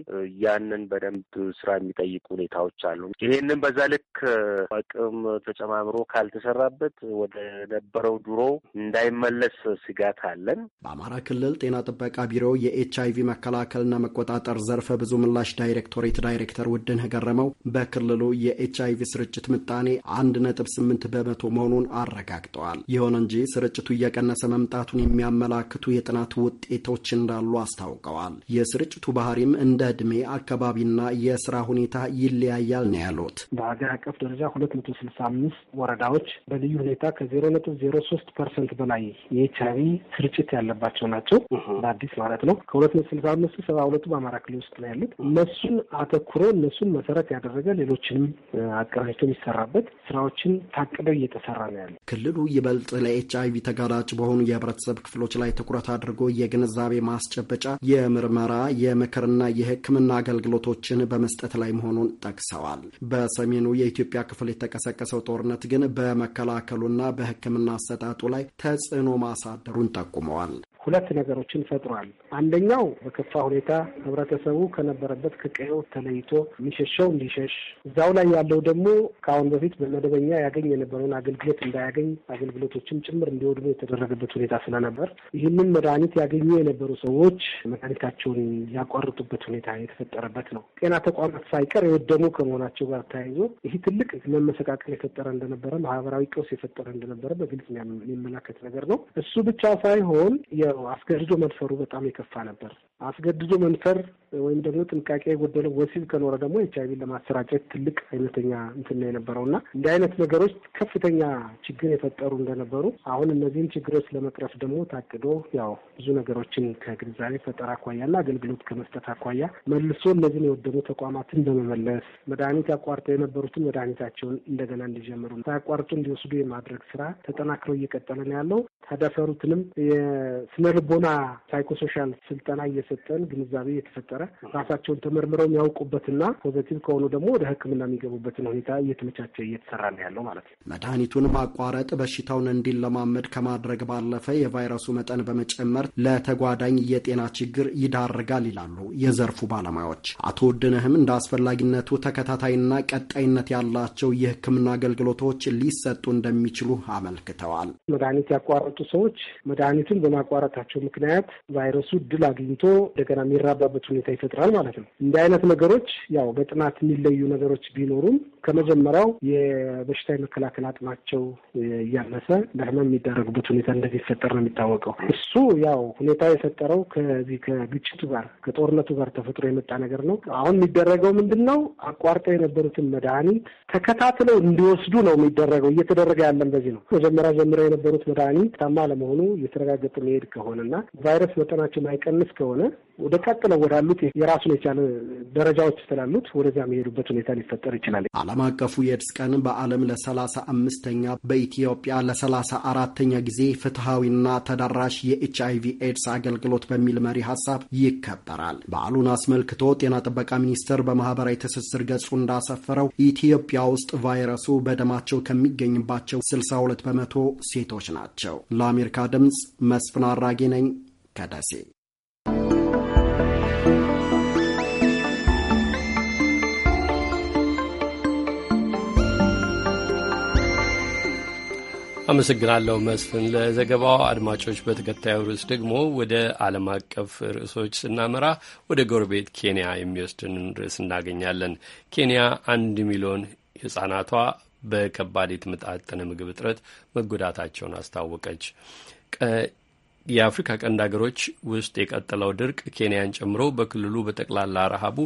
ያንን በደንብ ስራ የሚጠይቁ ሁኔታዎች አሉ። ይሄንን በዛ ልክ አቅም ተጨማምሮ ካልተሰራበት ወደ ነበረው ድሮ እንዳይመለስ ስጋት አለን። በአማራ ክልል ጤና ጥበቃ ቢሮ የኤች አይቪ መከላከልና መቆጣጠር ዘርፈ ብዙ ምላሽ ዳይሬክቶሬት ዳይሬክተር ውድን ገረመው በክልሉ የኤች አይቪ ስርጭት ምጣኔ አንድ ነጥብ ስምንት በመቶ መሆኑን አረጋግጠዋል። ይሁን እንጂ ስርጭቱ እየቀነሰ መምጣቱን የሚያመላክቱ የጥናት ውጤቶች እንዳሉ አስታውቀዋል። የስርጭቱ ባህሪም እንደ ዕድሜ አካባቢና የስራ ሁኔታ ይለያያል ነው ያሉት። በሀገር አቀፍ ደረጃ ሁለት መቶ ስልሳ አምስት ወረዳዎች በልዩ ሁኔታ ከዜሮ ነጥብ ዜሮ ሶስት ፐርሰንት በላይ የኤች አይ ቪ ስርጭት ያለባቸው ናቸው። በአዲስ ማለት ነው። ከሁለት መቶ ስልሳ አምስቱ ሰባ ሁለቱ በአማራ ክልል ውስጥ ነው ያሉት። እነሱን አተኩሮ እነሱን መሰረት ያደረገ ሌሎችንም አቀናጅቶ የሚሰራበት ስራዎችን ታቅደው እየተሰራ ነው ያለ። ክልሉ ይበልጥ ለኤች አይቪ ተጋላጭ በሆኑ የህብረተሰብ ክፍሎች ላይ ትኩረት አድርጎ የግንዛቤ ማስጨበጫ፣ የምርመራ፣ የምክርና የህክምና አገልግሎቶችን በመስጠት ላይ መሆኑን ጠቅሰዋል። በሰሜኑ የኢትዮጵያ ክፍል የተቀሰቀሰው ጦርነት ግን በመከላከሉና በህክምና አሰጣጡ ላይ ተጽዕኖ ማሳደሩን ጠቁመዋል። ሁለት ነገሮችን ፈጥሯል። አንደኛው በከፋ ሁኔታ ህብረተሰቡ ከነበረበት ከቀዬው ተለይቶ የሚሸሸው እንዲሸሽ፣ እዛው ላይ ያለው ደግሞ ከአሁን በፊት በመደበኛ ያገኝ የነበረውን አገልግሎት እንዳያገኝ፣ አገልግሎቶችም ጭምር እንዲወድሙ የተደረገበት ሁኔታ ስለነበር ይህንን መድኃኒት ያገኙ የነበሩ ሰዎች መድኃኒታቸውን ያቋርጡበት ሁኔታ የተፈጠረበት ነው። ጤና ተቋማት ሳይቀር የወደሙ ከመሆናቸው ጋር ተያይዞ ይህ ትልቅ መመሰቃቀል የፈጠረ እንደነበረ፣ ማህበራዊ ቀውስ የፈጠረ እንደነበረ በግልጽ የሚመላከት ነገር ነው። እሱ ብቻ ሳይሆን አስገድዶ መድፈሩ በጣም የከፋ ነበር። አስገድዶ መንፈር ወይም ደግሞ ጥንቃቄ የጎደለው ወሲብ ከኖረ ደግሞ ኤች አይቪን ለማሰራጨት ትልቅ አይነተኛ እንትን ነው የነበረው እና እንዲህ አይነት ነገሮች ከፍተኛ ችግር የፈጠሩ እንደነበሩ አሁን እነዚህን ችግሮች ለመቅረፍ ደግሞ ታቅዶ ያው ብዙ ነገሮችን ከግንዛቤ ፈጠር አኳያና አገልግሎት ከመስጠት አኳያ መልሶ እነዚህን የወደሙ ተቋማትን በመመለስ መድኃኒት አቋርጠው የነበሩትን መድኃኒታቸውን እንደገና እንዲጀምሩ ሳያቋርጡ እንዲወስዱ የማድረግ ስራ ተጠናክረው እየቀጠለ ነው ያለው። ተደፈሩትንም የስነ ልቦና ሳይኮሶሻል ስልጠና እየሰ እየተሰጠን ግንዛቤ እየተፈጠረ ራሳቸውን ተመርምረው የሚያውቁበትና ፖዘቲቭ ከሆኑ ደግሞ ወደ ሕክምና የሚገቡበትን ሁኔታ እየተመቻቸ እየተሰራ ነው ያለው ማለት ነው። መድኃኒቱን ማቋረጥ በሽታውን እንዲለማመድ ከማድረግ ባለፈ የቫይረሱ መጠን በመጨመር ለተጓዳኝ የጤና ችግር ይዳርጋል ይላሉ የዘርፉ ባለሙያዎች። አቶ ውድነህም እንደ አስፈላጊነቱ ተከታታይና ቀጣይነት ያላቸው የህክምና አገልግሎቶች ሊሰጡ እንደሚችሉ አመልክተዋል። መድኃኒት ያቋረጡ ሰዎች መድኃኒቱን በማቋረጣቸው ምክንያት ቫይረሱ ድል አግኝቶ እንደገና የሚራባበት ሁኔታ ይፈጥራል ማለት ነው። እንዲህ አይነት ነገሮች ያው በጥናት የሚለዩ ነገሮች ቢኖሩም ከመጀመሪያው የበሽታ የመከላከል አቅማቸው እያነሰ ለህመም የሚደረጉበት ሁኔታ እንደሚፈጠር ነው የሚታወቀው። እሱ ያው ሁኔታ የፈጠረው ከዚህ ከግጭቱ ጋር ከጦርነቱ ጋር ተፈጥሮ የመጣ ነገር ነው። አሁን የሚደረገው ምንድን ነው? አቋርጠው የነበሩትን መድኃኒት ተከታትለው እንዲወስዱ ነው የሚደረገው። እየተደረገ ያለን በዚህ ነው። መጀመሪያ ጀምረው የነበሩት መድኃኒት ታማ ለመሆኑ የተረጋገጠ መሄድ ከሆነና ቫይረስ መጠናቸው ማይቀንስ ከሆነ ወደ ቀጥለው ወዳሉት የራሱን የቻለ ደረጃዎች ስላሉት ወደዚያ የሚሄዱበት ሁኔታ ሊፈጠር ይችላል። ዓለም አቀፉ የኤድስ ቀን በዓለም ለሰላሳ አምስተኛ በኢትዮጵያ ለሰላሳ አራተኛ ጊዜ ፍትሐዊና ተደራሽ የኤች ቪ ኤድስ አገልግሎት በሚል መሪ ሀሳብ ይከበራል። በዓሉን አስመልክቶ ጤና ጥበቃ ሚኒስቴር በማህበራዊ ትስስር ገጹ እንዳሰፈረው ኢትዮጵያ ውስጥ ቫይረሱ በደማቸው ከሚገኝባቸው 62 በመቶ ሴቶች ናቸው። ለአሜሪካ ድምፅ መስፍን አራጌ ነኝ ከደሴ አመሰግናለሁ መስፍን ለዘገባው። አድማጮች፣ በተከታዩ ርዕስ ደግሞ ወደ ዓለም አቀፍ ርዕሶች ስናመራ ወደ ጎረቤት ኬንያ የሚወስድንን ርዕስ እናገኛለን። ኬንያ አንድ ሚሊዮን ህጻናቷ በከባድ የተመጣጠነ ምግብ እጥረት መጎዳታቸውን አስታወቀች። የአፍሪካ ቀንድ ሀገሮች ውስጥ የቀጠለው ድርቅ ኬንያን ጨምሮ በክልሉ በጠቅላላ ረሃቡ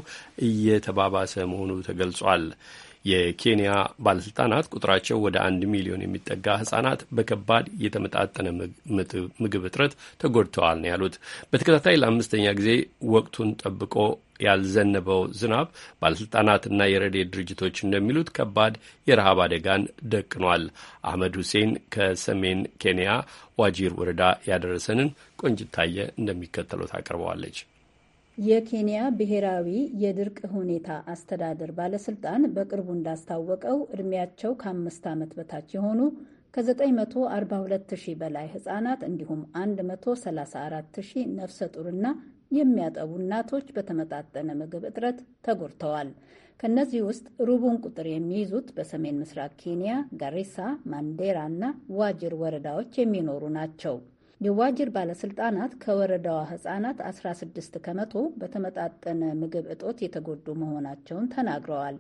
እየተባባሰ መሆኑ ተገልጿል። የኬንያ ባለስልጣናት ቁጥራቸው ወደ አንድ ሚሊዮን የሚጠጋ ህጻናት በከባድ የተመጣጠነ ምግብ እጥረት ተጎድተዋል ነው ያሉት። በተከታታይ ለአምስተኛ ጊዜ ወቅቱን ጠብቆ ያልዘነበው ዝናብ ባለስልጣናትና የረድኤት ድርጅቶች እንደሚሉት ከባድ የረሃብ አደጋን ደቅኗል። አህመድ ሁሴን ከሰሜን ኬንያ ዋጂር ወረዳ ያደረሰንን ቆንጅታየ እንደሚከተለው ታቀርበዋለች። የኬንያ ብሔራዊ የድርቅ ሁኔታ አስተዳደር ባለስልጣን በቅርቡ እንዳስታወቀው ዕድሜያቸው ከአምስት ዓመት በታች የሆኑ ከ942 ሺህ በላይ ህጻናት እንዲሁም 134 ሺህ ነፍሰ ጡርና የሚያጠቡ እናቶች በተመጣጠነ ምግብ እጥረት ተጎድተዋል። ከእነዚህ ውስጥ ሩቡን ቁጥር የሚይዙት በሰሜን ምስራቅ ኬንያ ጋሪሳ፣ ማንዴራ እና ዋጅር ወረዳዎች የሚኖሩ ናቸው። የዋጅር ባለስልጣናት ከወረዳዋ ህጻናት 16 ከመቶ በተመጣጠነ ምግብ እጦት የተጎዱ መሆናቸውን ተናግረዋል።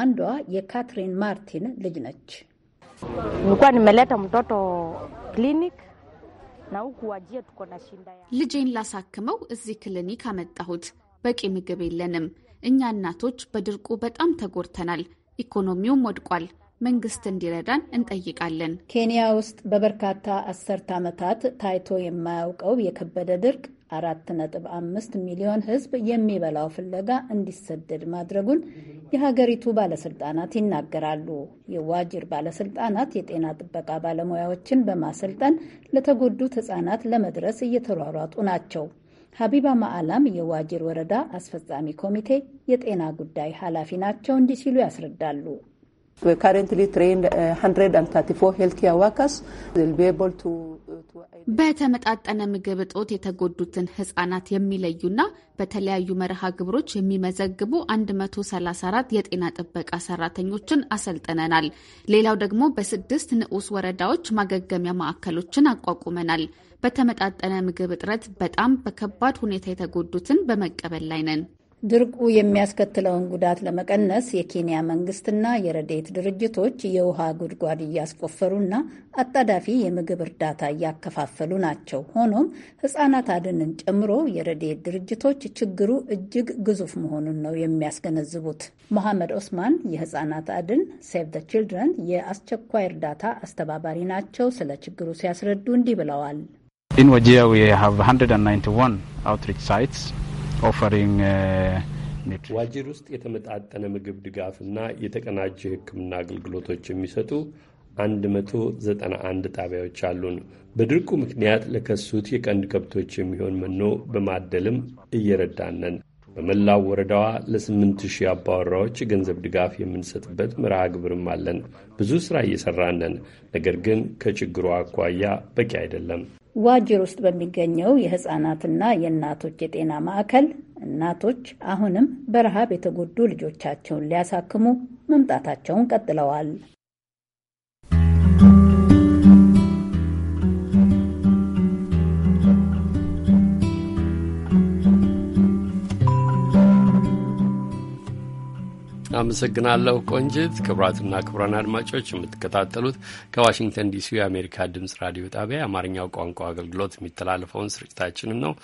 አንዷ የካትሪን ማርቲን ልጅ ነች። ልጄን ላሳክመው እዚህ ክሊኒክ አመጣሁት። በቂ ምግብ የለንም። እኛ እናቶች በድርቁ በጣም ተጎድተናል። ኢኮኖሚውም ወድቋል። መንግስት እንዲረዳን እንጠይቃለን። ኬንያ ውስጥ በበርካታ አስርት ዓመታት ታይቶ የማያውቀው የከበደ ድርቅ አራት ነጥብ አምስት ሚሊዮን ሕዝብ የሚበላው ፍለጋ እንዲሰደድ ማድረጉን የሀገሪቱ ባለስልጣናት ይናገራሉ። የዋጅር ባለስልጣናት የጤና ጥበቃ ባለሙያዎችን በማሰልጠን ለተጎዱት ህጻናት ለመድረስ እየተሯሯጡ ናቸው። ሀቢባ ማዓላም የዋጅር ወረዳ አስፈጻሚ ኮሚቴ የጤና ጉዳይ ኃላፊ ናቸው። እንዲህ ሲሉ ያስረዳሉ። Uh, uh, በተመጣጠነ ምግብ እጦት የተጎዱትን ህጻናት የሚለዩና በተለያዩ መርሃ ግብሮች የሚመዘግቡ 134 የጤና ጥበቃ ሰራተኞችን አሰልጥነናል። ሌላው ደግሞ በስድስት ንዑስ ወረዳዎች ማገገሚያ ማዕከሎችን አቋቁመናል። በተመጣጠነ ምግብ እጥረት በጣም በከባድ ሁኔታ የተጎዱትን በመቀበል ላይ ነን። ድርቁ የሚያስከትለውን ጉዳት ለመቀነስ የኬንያ መንግስትና የረዴት ድርጅቶች የውሃ ጉድጓድ እያስቆፈሩና አጣዳፊ የምግብ እርዳታ እያከፋፈሉ ናቸው። ሆኖም ሕጻናት አድንን ጨምሮ የረዴት ድርጅቶች ችግሩ እጅግ ግዙፍ መሆኑን ነው የሚያስገነዝቡት። መሐመድ ኦስማን የሕጻናት አድን ሴቭ ዘ ችልድረን የአስቸኳይ እርዳታ አስተባባሪ ናቸው። ስለ ችግሩ ሲያስረዱ እንዲህ ብለዋል። ኢን ወጂያ ዊ ሃቭ 191 አውትሪች ሳይትስ ዋጅር ውስጥ የተመጣጠነ ምግብ ድጋፍና የተቀናጀ ሕክምና አገልግሎቶች የሚሰጡ 191 ጣቢያዎች አሉን። በድርቁ ምክንያት ለከሱት የቀንድ ከብቶች የሚሆን መኖ በማደልም እየረዳነን በመላው ወረዳዋ ለ8000 አባወራዎች የገንዘብ ድጋፍ የምንሰጥበት መርሃ ግብርም አለን። ብዙ ሥራ እየሠራን ነገር ግን ከችግሩ አኳያ በቂ አይደለም። ዋጅር ውስጥ በሚገኘው የህፃናትና የእናቶች የጤና ማዕከል እናቶች አሁንም በረሃብ የተጎዱ ልጆቻቸውን ሊያሳክሙ መምጣታቸውን ቀጥለዋል። አመሰግናለሁ ቆንጅት። ክቡራትና ክቡራን አድማጮች የምትከታተሉት ከዋሽንግተን ዲሲ የአሜሪካ ድምጽ ራዲዮ ጣቢያ የአማርኛው ቋንቋ አገልግሎት የሚተላለፈውን ስርጭታችንን ነው።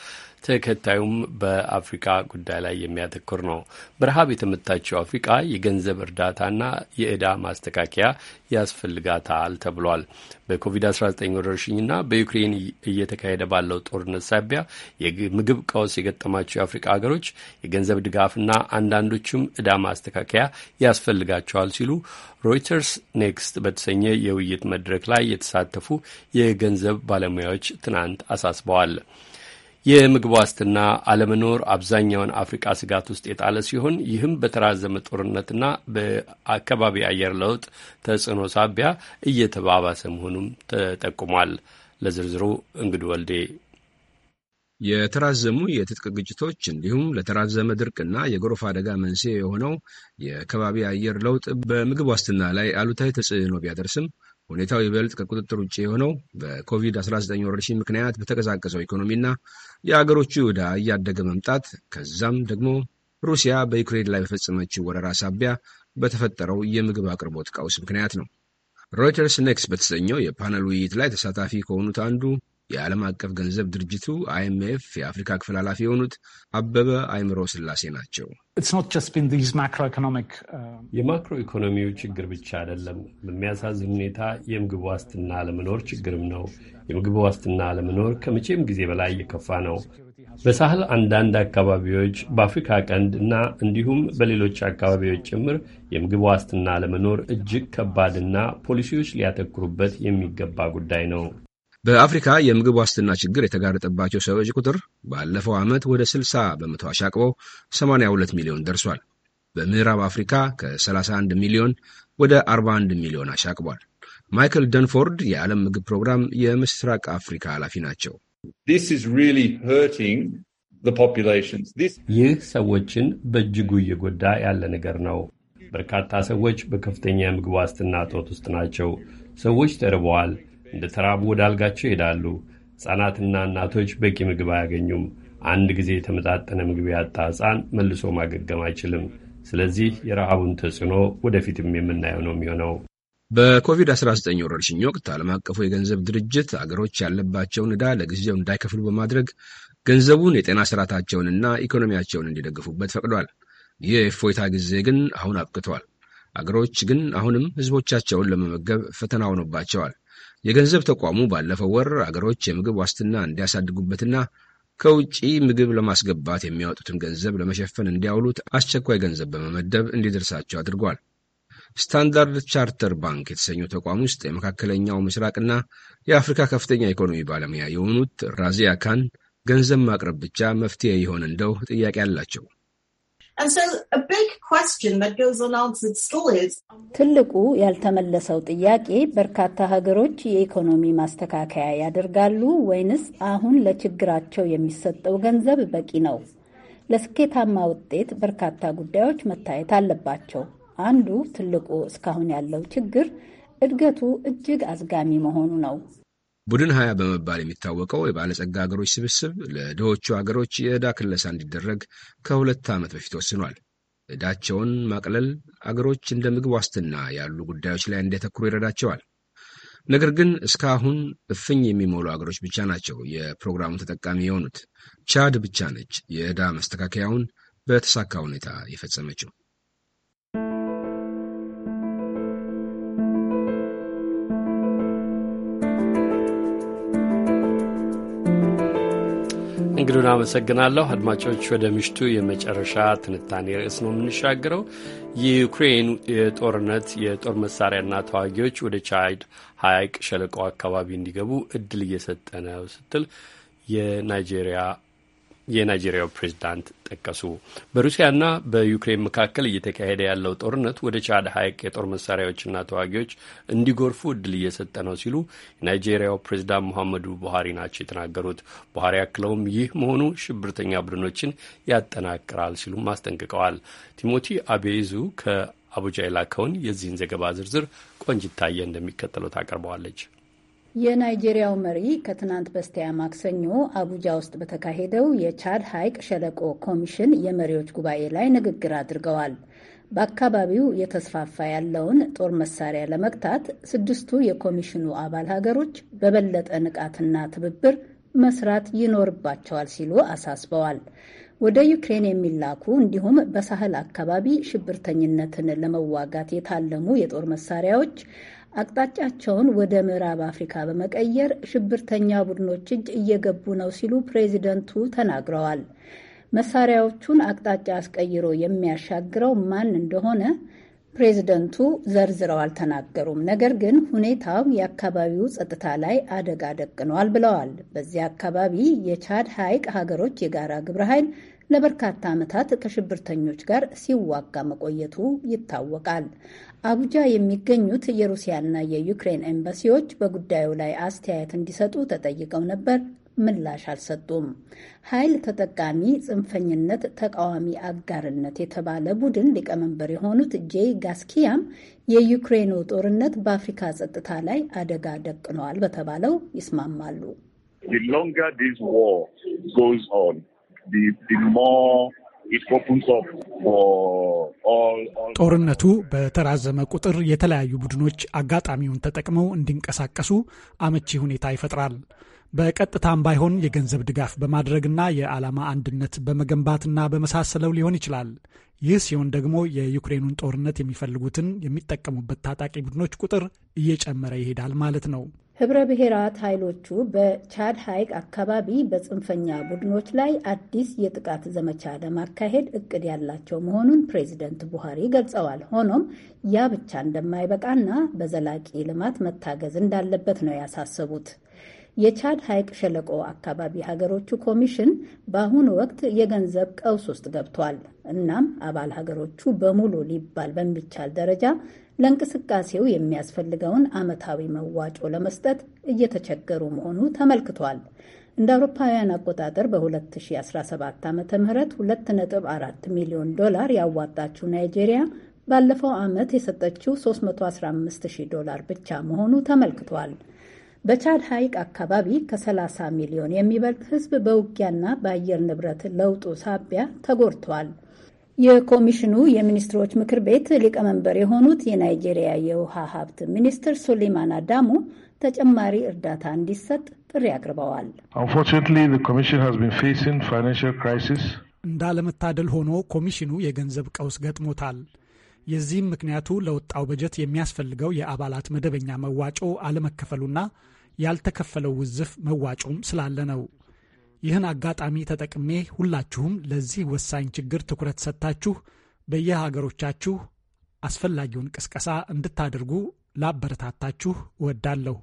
ተከታዩም በአፍሪቃ ጉዳይ ላይ የሚያተኩር ነው። በረሃብ የተመታችው አፍሪቃ የገንዘብ እርዳታና የዕዳ ማስተካከያ ያስፈልጋታል ተብሏል። በኮቪድ-19 ወረርሽኝና በዩክሬን እየተካሄደ ባለው ጦርነት ሳቢያ የምግብ ቀውስ የገጠማቸው የአፍሪቃ ሀገሮች የገንዘብ ድጋፍና አንዳንዶቹም ዕዳ ማስተካከያ ያስፈልጋቸዋል ሲሉ ሮይተርስ ኔክስት በተሰኘ የውይይት መድረክ ላይ የተሳተፉ የገንዘብ ባለሙያዎች ትናንት አሳስበዋል። የምግብ ዋስትና አለመኖር አብዛኛውን አፍሪቃ ስጋት ውስጥ የጣለ ሲሆን ይህም በተራዘመ ጦርነትና በአካባቢ አየር ለውጥ ተጽዕኖ ሳቢያ እየተባባሰ መሆኑም ተጠቁሟል። ለዝርዝሩ እንግድ ወልዴ። የተራዘሙ የትጥቅ ግጭቶች እንዲሁም ለተራዘመ ድርቅና የጎርፍ አደጋ መንስኤ የሆነው የከባቢ አየር ለውጥ በምግብ ዋስትና ላይ አሉታዊ ተጽዕኖ ቢያደርስም ሁኔታው ይበልጥ ከቁጥጥር ውጭ የሆነው በኮቪድ-19 ወረርሽኝ ምክንያት በተቀዛቀዘው ኢኮኖሚና የአገሮቹ ዕዳ እያደገ መምጣት ከዛም ደግሞ ሩሲያ በዩክሬን ላይ በፈጸመችው ወረራ ሳቢያ በተፈጠረው የምግብ አቅርቦት ቀውስ ምክንያት ነው። ሮይተርስ ኔክስ በተሰኘው የፓነል ውይይት ላይ ተሳታፊ ከሆኑት አንዱ የዓለም አቀፍ ገንዘብ ድርጅቱ አይኤምኤፍ የአፍሪካ ክፍል ኃላፊ የሆኑት አበበ አይምሮ ስላሴ ናቸው። uh, የማክሮ ኢኮኖሚው ችግር ብቻ አይደለም። በሚያሳዝን ሁኔታ የምግብ ዋስትና አለመኖር ችግርም ነው። የምግብ ዋስትና አለመኖር ከመቼም ጊዜ በላይ የከፋ ነው። በሳህል አንዳንድ አካባቢዎች በአፍሪካ ቀንድ እና እንዲሁም በሌሎች አካባቢዎች ጭምር የምግብ ዋስትና ለመኖር እጅግ ከባድና ፖሊሲዎች ሊያተኩሩበት የሚገባ ጉዳይ ነው። በአፍሪካ የምግብ ዋስትና ችግር የተጋረጠባቸው ሰዎች ቁጥር ባለፈው ዓመት ወደ 60 በመቶ አሻቅቦ 82 ሚሊዮን ደርሷል። በምዕራብ አፍሪካ ከ31 ሚሊዮን ወደ 41 ሚሊዮን አሻቅቧል። ማይክል ደንፎርድ የዓለም ምግብ ፕሮግራም የምስራቅ አፍሪካ ኃላፊ ናቸው። ይህ ሰዎችን በእጅጉ እየጎዳ ያለ ነገር ነው። በርካታ ሰዎች በከፍተኛ የምግብ ዋስትና እጦት ውስጥ ናቸው። ሰዎች ተርበዋል። እንደ ተራቡ ወደ አልጋቸው ይሄዳሉ። ሕፃናትና እናቶች በቂ ምግብ አያገኙም። አንድ ጊዜ የተመጣጠነ ምግብ ያጣ ሕፃን መልሶ ማገገም አይችልም። ስለዚህ የረሃቡን ተጽዕኖ ወደፊትም የምናየው ነው የሚሆነው። በኮቪድ-19 ወረርሽኝ ወቅት ዓለም አቀፉ የገንዘብ ድርጅት አገሮች ያለባቸውን ዕዳ ለጊዜው እንዳይከፍሉ በማድረግ ገንዘቡን የጤና ስርዓታቸውንና ኢኮኖሚያቸውን እንዲደግፉበት ፈቅዷል። ይህ የእፎይታ ጊዜ ግን አሁን አብቅቷል። አገሮች ግን አሁንም ሕዝቦቻቸውን ለመመገብ ፈተና ሆኖባቸዋል። የገንዘብ ተቋሙ ባለፈው ወር አገሮች የምግብ ዋስትና እንዲያሳድጉበትና ከውጪ ምግብ ለማስገባት የሚያወጡትን ገንዘብ ለመሸፈን እንዲያውሉት አስቸኳይ ገንዘብ በመመደብ እንዲደርሳቸው አድርጓል። ስታንዳርድ ቻርተር ባንክ የተሰኘው ተቋም ውስጥ የመካከለኛው ምስራቅና የአፍሪካ ከፍተኛ ኢኮኖሚ ባለሙያ የሆኑት ራዚያ ካን ገንዘብ ማቅረብ ብቻ መፍትሄ ይሆን እንደው ጥያቄ አላቸው። ትልቁ ያልተመለሰው ጥያቄ በርካታ ሀገሮች የኢኮኖሚ ማስተካከያ ያደርጋሉ ወይንስ አሁን ለችግራቸው የሚሰጠው ገንዘብ በቂ ነው? ለስኬታማ ውጤት በርካታ ጉዳዮች መታየት አለባቸው። አንዱ ትልቁ እስካሁን ያለው ችግር እድገቱ እጅግ አዝጋሚ መሆኑ ነው። ቡድን ሀያ በመባል የሚታወቀው የባለጸጋ ሀገሮች ስብስብ ለድሆቹ ሀገሮች የዕዳ ክለሳ እንዲደረግ ከሁለት ዓመት በፊት ወስኗል። ዕዳቸውን ማቅለል አገሮች እንደ ምግብ ዋስትና ያሉ ጉዳዮች ላይ እንዲያተኩሩ ይረዳቸዋል። ነገር ግን እስካሁን እፍኝ የሚሞሉ አገሮች ብቻ ናቸው የፕሮግራሙ ተጠቃሚ የሆኑት። ቻድ ብቻ ነች የዕዳ መስተካከያውን በተሳካ ሁኔታ የፈጸመችው። እንግዱን አመሰግናለሁ። አድማጮች ወደ ምሽቱ የመጨረሻ ትንታኔ ርዕስ ነው የምንሻገረው። የዩክሬን የጦርነት የጦር መሳሪያና ተዋጊዎች ወደ ቻድ ሐይቅ ሸለቆ አካባቢ እንዲገቡ እድል እየሰጠ ነው ስትል የናይጄሪያ የናይጄሪያው ፕሬዚዳንት ጠቀሱ። በሩሲያና በዩክሬን መካከል እየተካሄደ ያለው ጦርነት ወደ ቻድ ሐይቅ የጦር መሳሪያዎችና ተዋጊዎች እንዲጎርፉ እድል እየሰጠ ነው ሲሉ የናይጄሪያው ፕሬዚዳንት ሙሐመዱ ቡሃሪ ናቸው የተናገሩት። ቡሃሪ አክለውም ይህ መሆኑ ሽብርተኛ ቡድኖችን ያጠናክራል ሲሉም አስጠንቅቀዋል። ቲሞቲ አቤዙ ከአቡጃ የላከውን የዚህን ዘገባ ዝርዝር ቆንጅታየ እንደሚከተለው ታቀርበዋለች። የናይጄሪያው መሪ ከትናንት በስቲያ ማክሰኞ አቡጃ ውስጥ በተካሄደው የቻድ ሐይቅ ሸለቆ ኮሚሽን የመሪዎች ጉባኤ ላይ ንግግር አድርገዋል። በአካባቢው የተስፋፋ ያለውን ጦር መሳሪያ ለመግታት ስድስቱ የኮሚሽኑ አባል ሀገሮች በበለጠ ንቃትና ትብብር መስራት ይኖርባቸዋል ሲሉ አሳስበዋል። ወደ ዩክሬን የሚላኩ እንዲሁም በሳህል አካባቢ ሽብርተኝነትን ለመዋጋት የታለሙ የጦር መሳሪያዎች አቅጣጫቸውን ወደ ምዕራብ አፍሪካ በመቀየር ሽብርተኛ ቡድኖች እጅ እየገቡ ነው ሲሉ ፕሬዚደንቱ ተናግረዋል። መሳሪያዎቹን አቅጣጫ አስቀይሮ የሚያሻግረው ማን እንደሆነ ፕሬዚደንቱ ዘርዝረው አልተናገሩም። ነገር ግን ሁኔታው የአካባቢው ጸጥታ ላይ አደጋ ደቅኗል ብለዋል። በዚያ አካባቢ የቻድ ሐይቅ ሀገሮች የጋራ ግብረ ኃይል ለበርካታ ዓመታት ከሽብርተኞች ጋር ሲዋጋ መቆየቱ ይታወቃል። አቡጃ የሚገኙት የሩሲያና የዩክሬን ኤምባሲዎች በጉዳዩ ላይ አስተያየት እንዲሰጡ ተጠይቀው ነበር። ምላሽ አልሰጡም። ኃይል ተጠቃሚ ጽንፈኝነት ተቃዋሚ አጋርነት የተባለ ቡድን ሊቀመንበር የሆኑት ጄይ ጋስኪያም የዩክሬኑ ጦርነት በአፍሪካ ጸጥታ ላይ አደጋ ደቅነዋል በተባለው ይስማማሉ። the, the more ጦርነቱ በተራዘመ ቁጥር የተለያዩ ቡድኖች አጋጣሚውን ተጠቅመው እንዲንቀሳቀሱ አመቺ ሁኔታ ይፈጥራል። በቀጥታም ባይሆን የገንዘብ ድጋፍ በማድረግና የዓላማ አንድነት በመገንባትና በመሳሰለው ሊሆን ይችላል። ይህ ሲሆን ደግሞ የዩክሬኑን ጦርነት የሚፈልጉትን የሚጠቀሙበት ታጣቂ ቡድኖች ቁጥር እየጨመረ ይሄዳል ማለት ነው። ህብረ ብሔራት ኃይሎቹ በቻድ ሐይቅ አካባቢ በጽንፈኛ ቡድኖች ላይ አዲስ የጥቃት ዘመቻ ለማካሄድ እቅድ ያላቸው መሆኑን ፕሬዚደንት ቡሃሪ ገልጸዋል። ሆኖም ያ ብቻ እንደማይበቃና በዘላቂ ልማት መታገዝ እንዳለበት ነው ያሳሰቡት። የቻድ ሐይቅ ሸለቆ አካባቢ ሀገሮቹ ኮሚሽን በአሁኑ ወቅት የገንዘብ ቀውስ ውስጥ ገብቷል። እናም አባል ሀገሮቹ በሙሉ ሊባል በሚቻል ደረጃ ለእንቅስቃሴው የሚያስፈልገውን ዓመታዊ መዋጮ ለመስጠት እየተቸገሩ መሆኑ ተመልክቷል። እንደ አውሮፓውያን አቆጣጠር በ2017 ዓ ም 2.4 ሚሊዮን ዶላር ያዋጣችው ናይጄሪያ ባለፈው ዓመት የሰጠችው 315 ዶላር ብቻ መሆኑ ተመልክቷል። በቻድ ሐይቅ አካባቢ ከ30 ሚሊዮን የሚበልጥ ሕዝብ በውጊያና በአየር ንብረት ለውጡ ሳቢያ ተጎድቷል። የኮሚሽኑ የሚኒስትሮች ምክር ቤት ሊቀመንበር የሆኑት የናይጄሪያ የውሃ ሀብት ሚኒስትር ሱሌማን አዳሙ ተጨማሪ እርዳታ እንዲሰጥ ጥሪ አቅርበዋል። እንዳለመታደል ሆኖ ኮሚሽኑ የገንዘብ ቀውስ ገጥሞታል። የዚህም ምክንያቱ ለወጣው በጀት የሚያስፈልገው የአባላት መደበኛ መዋጮ አለመከፈሉና ያልተከፈለው ውዝፍ መዋጮም ስላለ ነው። ይህን አጋጣሚ ተጠቅሜ ሁላችሁም ለዚህ ወሳኝ ችግር ትኩረት ሰጥታችሁ በየሀገሮቻችሁ አስፈላጊውን ቅስቀሳ እንድታደርጉ ላበረታታችሁ እወዳለሁ።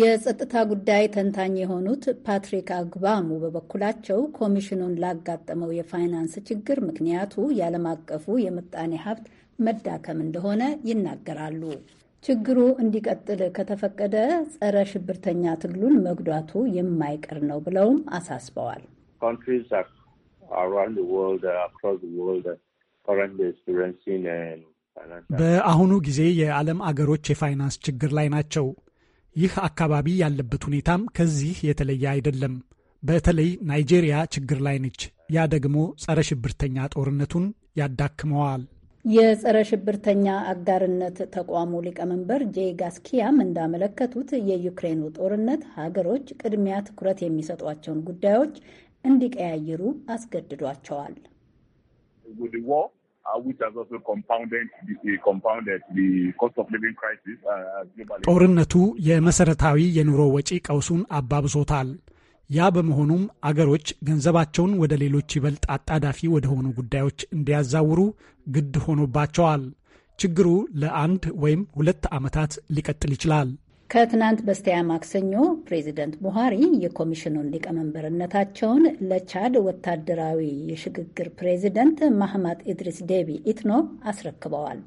የጸጥታ ጉዳይ ተንታኝ የሆኑት ፓትሪክ አግባሙ በበኩላቸው ኮሚሽኑን ላጋጠመው የፋይናንስ ችግር ምክንያቱ ያለም አቀፉ የምጣኔ ሀብት መዳከም እንደሆነ ይናገራሉ። ችግሩ እንዲቀጥል ከተፈቀደ ጸረ ሽብርተኛ ትግሉን መጉዳቱ የማይቀር ነው ብለውም አሳስበዋል። uh, uh, uh, በአሁኑ ጊዜ የዓለም አገሮች የፋይናንስ ችግር ላይ ናቸው። ይህ አካባቢ ያለበት ሁኔታም ከዚህ የተለየ አይደለም። በተለይ ናይጄሪያ ችግር ላይ ነች። ያ ደግሞ ጸረ ሽብርተኛ ጦርነቱን ያዳክመዋል። የጸረ ሽብርተኛ አጋርነት ተቋሙ ሊቀመንበር ጄ ጋስኪያም እንዳመለከቱት የዩክሬኑ ጦርነት ሀገሮች ቅድሚያ ትኩረት የሚሰጧቸውን ጉዳዮች እንዲቀያይሩ አስገድዷቸዋል። uh, uh, uh, ጦርነቱ የመሰረታዊ የኑሮ ወጪ ቀውሱን አባብሶታል። ያ በመሆኑም አገሮች ገንዘባቸውን ወደ ሌሎች ይበልጥ አጣዳፊ ወደሆኑ ጉዳዮች እንዲያዛውሩ ግድ ሆኖባቸዋል። ችግሩ ለአንድ ወይም ሁለት ዓመታት ሊቀጥል ይችላል። ከትናንት በስቲያ ማክሰኞ ፕሬዚደንት ቡሃሪ የኮሚሽኑን ሊቀመንበርነታቸውን ለቻድ ወታደራዊ የሽግግር ፕሬዚደንት ማህማት ኢድሪስ ዴቢ ኢትኖ አስረክበዋል።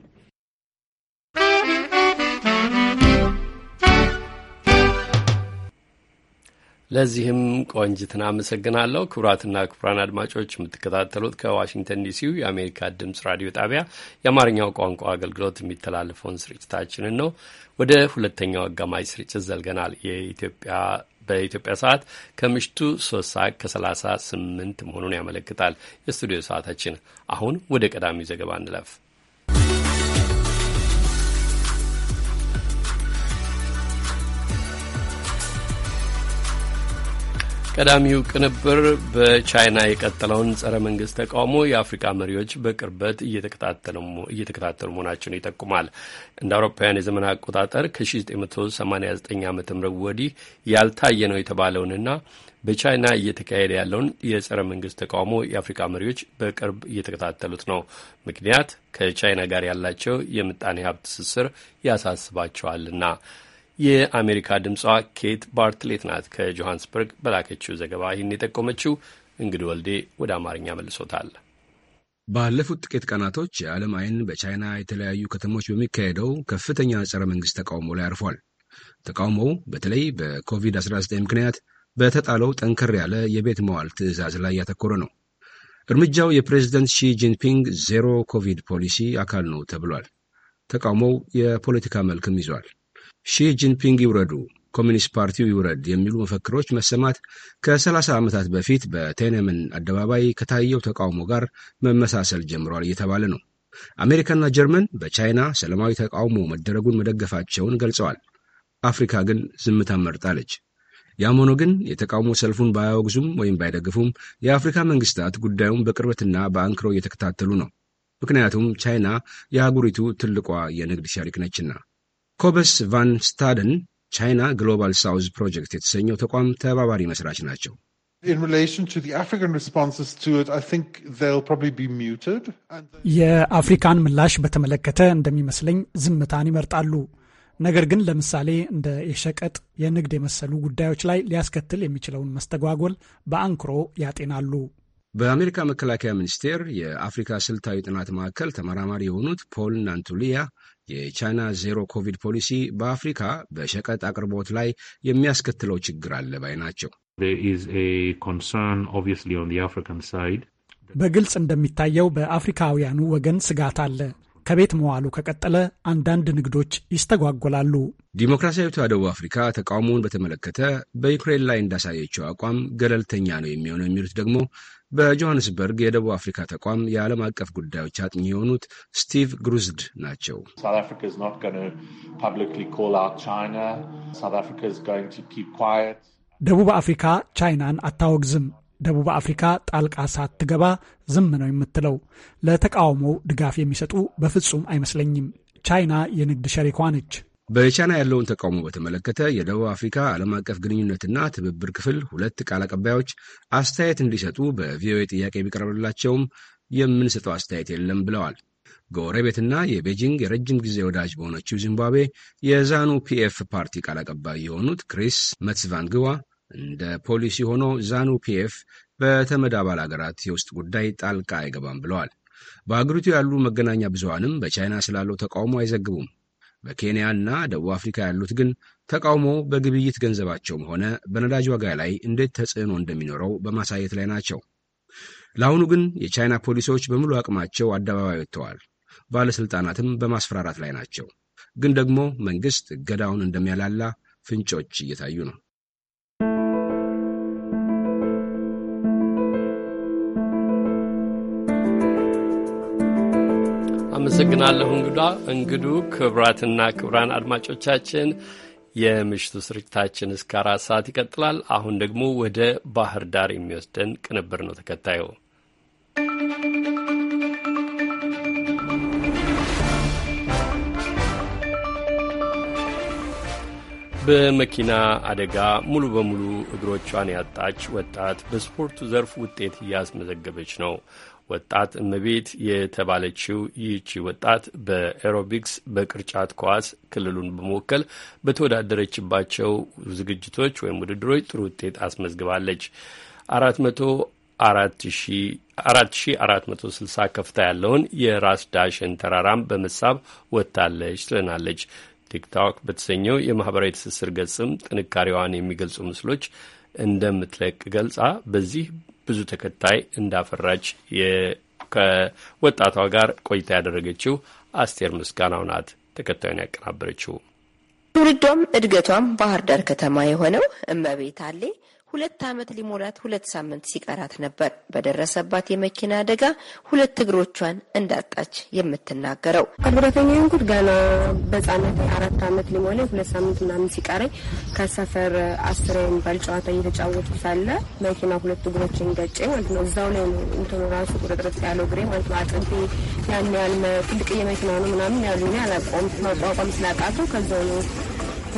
ለዚህም ቆንጅትን አመሰግናለሁ። ክቡራትና ክቡራን አድማጮች የምትከታተሉት ከዋሽንግተን ዲሲው የአሜሪካ ድምጽ ራዲዮ ጣቢያ የአማርኛው ቋንቋ አገልግሎት የሚተላለፈውን ስርጭታችንን ነው። ወደ ሁለተኛው አጋማሽ ስርጭት ዘልገናል። የኢትዮጵያ በኢትዮጵያ ሰዓት ከምሽቱ ሶስት ሰዓት ከሰላሳ ስምንት መሆኑን ያመለክታል የስቱዲዮ ሰዓታችን። አሁን ወደ ቀዳሚው ዘገባ እንለፍ። ቀዳሚው ቅንብር በቻይና የቀጠለውን ጸረ መንግስት ተቃውሞ የአፍሪካ መሪዎች በቅርበት እየተከታተሉ መሆናቸውን ይጠቁማል። እንደ አውሮፓውያን የዘመን አቆጣጠር ከ1989 ዓ ም ወዲህ ያልታየ ነው የተባለውንና በቻይና እየተካሄደ ያለውን የጸረ መንግስት ተቃውሞ የአፍሪካ መሪዎች በቅርብ እየተከታተሉት ነው። ምክንያት ከቻይና ጋር ያላቸው የምጣኔ ሀብት ትስስር ያሳስባቸዋልና። የአሜሪካ ድምጿ ኬት ባርትሌት ናት ከጆሃንስበርግ በላከችው ዘገባ ይህን የጠቆመችው። እንግዲህ ወልዴ ወደ አማርኛ መልሶታል። ባለፉት ጥቂት ቀናቶች የዓለም አይን በቻይና የተለያዩ ከተሞች በሚካሄደው ከፍተኛ ጸረ መንግሥት ተቃውሞ ላይ አርፏል። ተቃውሞው በተለይ በኮቪድ-19 ምክንያት በተጣለው ጠንከር ያለ የቤት መዋል ትዕዛዝ ላይ ያተኮረ ነው። እርምጃው የፕሬዝደንት ሺ ጂንፒንግ ዜሮ ኮቪድ ፖሊሲ አካል ነው ተብሏል። ተቃውሞው የፖለቲካ መልክም ይዟል። ሺ ጂንፒንግ ይውረዱ፣ ኮሚኒስት ፓርቲው ይውረድ የሚሉ መፈክሮች መሰማት ከ30 ዓመታት በፊት በቴነምን አደባባይ ከታየው ተቃውሞ ጋር መመሳሰል ጀምሯል እየተባለ ነው። አሜሪካና ጀርመን በቻይና ሰላማዊ ተቃውሞ መደረጉን መደገፋቸውን ገልጸዋል። አፍሪካ ግን ዝምታ መርጣለች። ያም ሆኖ ግን የተቃውሞ ሰልፉን ባያወግዙም ወይም ባይደግፉም የአፍሪካ መንግስታት ጉዳዩን በቅርበትና በአንክሮ እየተከታተሉ ነው። ምክንያቱም ቻይና የአህጉሪቱ ትልቋ የንግድ ሸሪክ ነችና። ኮበስ ቫን ስታደን ቻይና ግሎባል ሳውዝ ፕሮጀክት የተሰኘው ተቋም ተባባሪ መስራች ናቸው። የአፍሪካን ምላሽ በተመለከተ እንደሚመስለኝ ዝምታን ይመርጣሉ። ነገር ግን ለምሳሌ እንደ የሸቀጥ የንግድ የመሰሉ ጉዳዮች ላይ ሊያስከትል የሚችለውን መስተጓጎል በአንክሮ ያጤናሉ። በአሜሪካ መከላከያ ሚኒስቴር የአፍሪካ ስልታዊ ጥናት ማዕከል ተመራማሪ የሆኑት ፖል ናንቱሊያ የቻይና ዜሮ ኮቪድ ፖሊሲ በአፍሪካ በሸቀጥ አቅርቦት ላይ የሚያስከትለው ችግር አለ ባይ ናቸው። በግልጽ እንደሚታየው በአፍሪካውያኑ ወገን ስጋት አለ። ከቤት መዋሉ ከቀጠለ አንዳንድ ንግዶች ይስተጓጎላሉ። ዲሞክራሲያዊቷ ደቡብ አፍሪካ ተቃውሞውን በተመለከተ በዩክሬን ላይ እንዳሳየችው አቋም ገለልተኛ ነው የሚሆነው የሚሉት ደግሞ በጆሃንስበርግ የደቡብ አፍሪካ ተቋም የዓለም አቀፍ ጉዳዮች አጥኚ የሆኑት ስቲቭ ግሩዝድ ናቸው። ደቡብ አፍሪካ ቻይናን አታወግዝም። ደቡብ አፍሪካ ጣልቃ ሳትገባ ዝም ነው የምትለው። ለተቃውሞው ድጋፍ የሚሰጡ በፍጹም አይመስለኝም። ቻይና የንግድ ሸሪኳ ነች። በቻይና ያለውን ተቃውሞ በተመለከተ የደቡብ አፍሪካ ዓለም አቀፍ ግንኙነትና ትብብር ክፍል ሁለት ቃል አቀባዮች አስተያየት እንዲሰጡ በቪኦኤ ጥያቄ ቢቀርብላቸውም የምንሰጠው አስተያየት የለም ብለዋል። ጎረቤትና የቤጂንግ የረጅም ጊዜ ወዳጅ በሆነችው ዚምባብዌ የዛኑ ፒኤፍ ፓርቲ ቃል አቀባይ የሆኑት ክሪስ መትስቫንግዋ እንደ ፖሊሲ ሆኖ ዛኑ ፒኤፍ በተመድ አባል አገራት የውስጥ ጉዳይ ጣልቃ አይገባም ብለዋል። በአገሪቱ ያሉ መገናኛ ብዙሃንም በቻይና ስላለው ተቃውሞ አይዘግቡም። በኬንያ እና ደቡብ አፍሪካ ያሉት ግን ተቃውሞ በግብይት ገንዘባቸውም ሆነ በነዳጅ ዋጋ ላይ እንዴት ተጽዕኖ እንደሚኖረው በማሳየት ላይ ናቸው። ለአሁኑ ግን የቻይና ፖሊሶች በሙሉ አቅማቸው አደባባይ ወጥተዋል። ባለሥልጣናትም በማስፈራራት ላይ ናቸው። ግን ደግሞ መንግሥት እገዳውን እንደሚያላላ ፍንጮች እየታዩ ነው። አመሰግናለሁ እንግዷ እንግዱ። ክብራትና ክብራን አድማጮቻችን የምሽቱ ስርጭታችን እስከ አራት ሰዓት ይቀጥላል። አሁን ደግሞ ወደ ባህር ዳር የሚወስደን ቅንብር ነው ተከታዩ። በመኪና አደጋ ሙሉ በሙሉ እግሮቿን ያጣች ወጣት በስፖርቱ ዘርፍ ውጤት እያስመዘገበች ነው። ወጣት እመቤት የተባለችው ይህቺ ወጣት በኤሮቢክስ በቅርጫት ኳስ ክልሉን በመወከል በተወዳደረችባቸው ዝግጅቶች ወይም ውድድሮች ጥሩ ውጤት አስመዝግባለች። አራት መቶ አራት ሺ አራት መቶ ስልሳ ከፍታ ያለውን የራስ ዳሽን ተራራም በመሳብ ወጥታለች ትለናለች። ቲክቶክ በተሰኘው የማህበራዊ ትስስር ገጽም ጥንካሬዋን የሚገልጹ ምስሎች እንደምትለቅ ገልጻ በዚህ ብዙ ተከታይ እንዳፈራች ከወጣቷ ጋር ቆይታ ያደረገችው አስቴር ምስጋናው ናት ተከታዩን ያቀናበረችው። ትውልዷም እድገቷም ባህር ዳር ከተማ የሆነው እመቤት አሌ ሁለት ዓመት ሊሞላት ሁለት ሳምንት ሲቀራት ነበር በደረሰባት የመኪና አደጋ ሁለት እግሮቿን እንዳጣች የምትናገረው። ከጉዳተኛ ንኩት ገና በህጻነት አራት ዓመት ሊሞላ ሁለት ሳምንት ምናምን ሲቀረኝ ከሰፈር አስር የሚባል ጨዋታ እየተጫወቱ ሳለ መኪና ሁለት እግሮችን እንገጬ ማለት ነው። እዛው ላይ ነው እንትኑ ራሱ ቁርጥርጥ ያለው ግሬ ማለት ነው። አጥንቴ ያን ያህል ትልቅ የመኪና ነው ምናምን ያሉ አላቆም መቋቋም ስላቃተው ከዛው ነው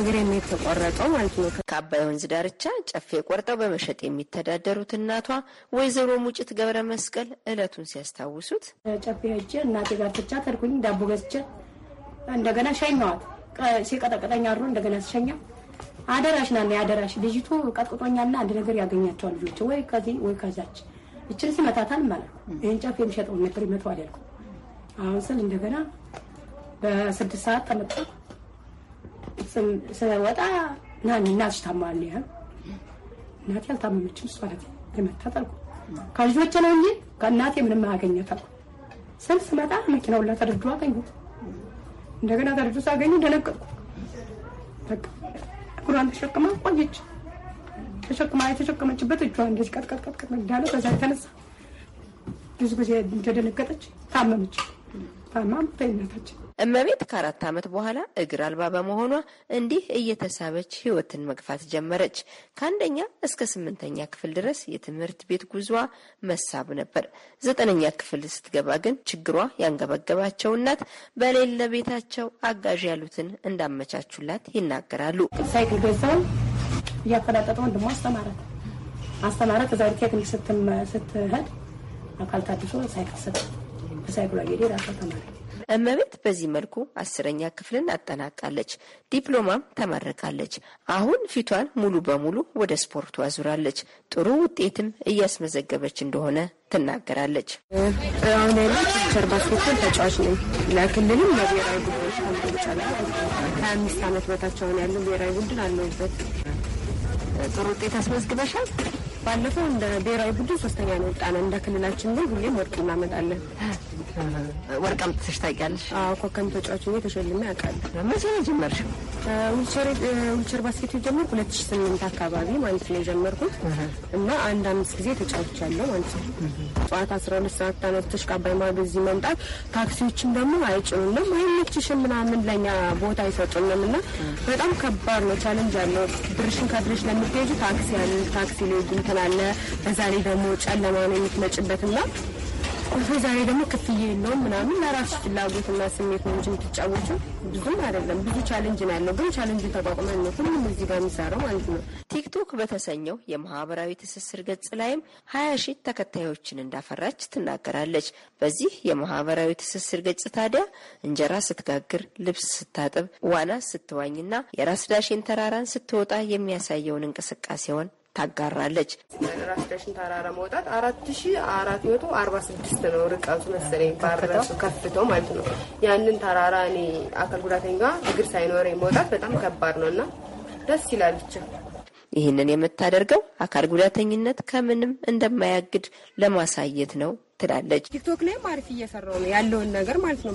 እግሬም የተቆረጠው ማለት ነው። ከአባይ ወንዝ ዳርቻ ጨፌ ቆርጠው በመሸጥ የሚተዳደሩት እናቷ ወይዘሮ ሙጭት ገብረ መስቀል እለቱን ሲያስታውሱት ጨፌ ሄጄ እናቴ ጋር ትቻ ተርኩኝ ዳቦ ገዝቼ እንደገና ሸኘዋት። ሲቀጠቅጠኛ አድሮ እንደገና ስሸኛ አደራሽ ና የአደራሽ ልጅቱ ቀጥቅጦኛና አንድ ነገር ያገኛቸዋል ልጆች ወይ ከዚህ ወይ ከዛች እችን ሲመታታል ማለት ነው። ይህን ጨፌ የሚሸጠው ነበር ይመተዋል ያልኩ አሁን ስል እንደገና በስድስት ሰዓት ተመጣ ስለወጣ ና እናትሽ ታማል ያህል እናቴ ያልታመመችም እሷ የመታ ታልኩ ከልጆች ነው እንጂ ከእናቴ ምንም አያገኘት አልኩ ስል ስመጣ መኪናው ላ ተደርድሮ አገኙ። እንደገና ተደርድሮ ሳገኙ ደነገጥኩ። እግሯን ተሸክማ ቆየች። ተሸክማ የተሸከመችበት እጇ እንደዚህ ቀጥቀጥቀጥቀጥ እንዳለ በዛ የተነሳ ብዙ ጊዜ እንደደነገጠች ታመመች። በሃይማኖተኝነታችን እመቤት ከአራት ዓመት በኋላ እግር አልባ በመሆኗ እንዲህ እየተሳበች ህይወትን መግፋት ጀመረች። ከአንደኛ እስከ ስምንተኛ ክፍል ድረስ የትምህርት ቤት ጉዟ መሳብ ነበር። ዘጠነኛ ክፍል ስትገባ ግን ችግሯ ያንገበገባቸው እናት በሌለ ቤታቸው አጋዥ ያሉትን እንዳመቻቹላት ይናገራሉ። ሳይክል ገዛው እያፈላጠጠ ወንድሞ አስተማረት አስተማረት እዛ ኬት ስትሄድ አካል ታድሶ ሳይክል ሳይጉራጌዴ ራሷ ተማረች። እመቤት በዚህ መልኩ አስረኛ ክፍልን አጠናቃለች። ዲፕሎማም ተመርቃለች። አሁን ፊቷን ሙሉ በሙሉ ወደ ስፖርቱ አዙራለች። ጥሩ ውጤትም እያስመዘገበች እንደሆነ ትናገራለች። አሁን ያለው ቲቸር ባስኬትቦል ተጫዋች ነኝ። ለክልልም ለብሔራዊ ቡድኖች ከምትጫለ አምስት ዓመት በታች አሁን ያለው ብሔራዊ ቡድን አለሁበት። ጥሩ ውጤት አስመዝግበሻል። ባለፈው እንደ ብሔራዊ ቡድን ሶስተኛ ነው ወጣ ነው። እንደ ክልላችን ግን ሁሌም ወርቅ እናመጣለን። ወርቅ አምጥተሽ ታውቂያለሽ? አዎ፣ ኮከም ተጫዋች ሆኜ ተሸልሜ ያውቃል። መቼ ነው የጀመርሽው? ዊልቸር ባስኬት ጀመር ሁለት ሺ ስምንት አካባቢ ማለት ነው የጀመርኩት እና አንድ አምስት ጊዜ ተጫውቻለሁ ማለት ነው። ጠዋት አስራ ሁለት ሰዓት ተነስተሽ ከአባይ ማዶ እዚህ መምጣት ታክሲዎችም ደግሞ አይጭኑንም፣ አይመችሽም ምናምን ለእኛ ቦታ አይሰጡንም እና በጣም ከባድ ነው። ቻለንጅ አለው። ብርሽን ከብርሽ ለምትሄጁ ታክሲ ያለ ታክሲ ሌጁ እንትን አለ። በዛሬ ደግሞ ጨለማ ነው የምትመጭበት እና ዛሬ ደግሞ ክፍያ የለውም ምናምን ለራሱ ፍላጎትና ስሜት ነው እንጂ የምትጫወችው ብዙም አይደለም። ብዙ ቻለንጅ ነው ያለው፣ ግን ቻለንጅ ተቋቁመን ነው ሁሉም እዚህ ጋር የሚሰራው ማለት ነው። ቲክቶክ በተሰኘው የማህበራዊ ትስስር ገጽ ላይም ሀያ ሺህ ተከታዮችን እንዳፈራች ትናገራለች። በዚህ የማህበራዊ ትስስር ገጽ ታዲያ እንጀራ ስትጋግር፣ ልብስ ስታጥብ፣ ዋና ስትዋኝና የራስ ዳሽን ተራራን ስትወጣ የሚያሳየውን እንቅስቃሴውን ታጋራለች። ራስሽን ተራራ መውጣት አራት ሺ አራት መቶ አርባ ስድስት ነው ርቀቱ መሰለኝ ባረሱ ከፍተው ማለት ነው። ያንን ተራራ እኔ አካል ጉዳተኛ እግር ሳይኖረኝ መውጣት በጣም ከባድ ነው እና ደስ ይላል ብቻ ይህንን የምታደርገው አካል ጉዳተኝነት ከምንም እንደማያግድ ለማሳየት ነው ትላለች። ቲክቶክ ላይም አሪፍ እየሰራው ነው ያለውን ነገር ማለት ነው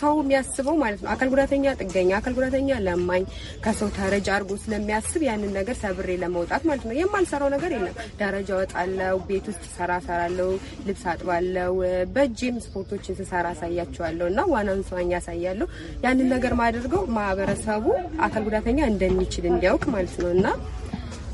ሰው የሚያስበው ማለት ነው አካል ጉዳተኛ ጥገኛ፣ አካል ጉዳተኛ ለማኝ፣ ከሰው ተረጃ አድርጎ ስለሚያስብ ያንን ነገር ሰብሬ ለመውጣት ማለት ነው የማልሰራው ነገር የለም። ደረጃ ወጣለው፣ ቤት ውስጥ ሰራ ሰራለው፣ ልብስ አጥባለው፣ በእጄም ስፖርቶችን ስሰራ አሳያቸዋለሁ እና ዋናን ሰዋኝ ያሳያለሁ። ያንን ነገር ማድርገው ማህበረሰቡ አካል ጉዳተኛ እንደሚችል እንዲያውቅ ማለት ነው እና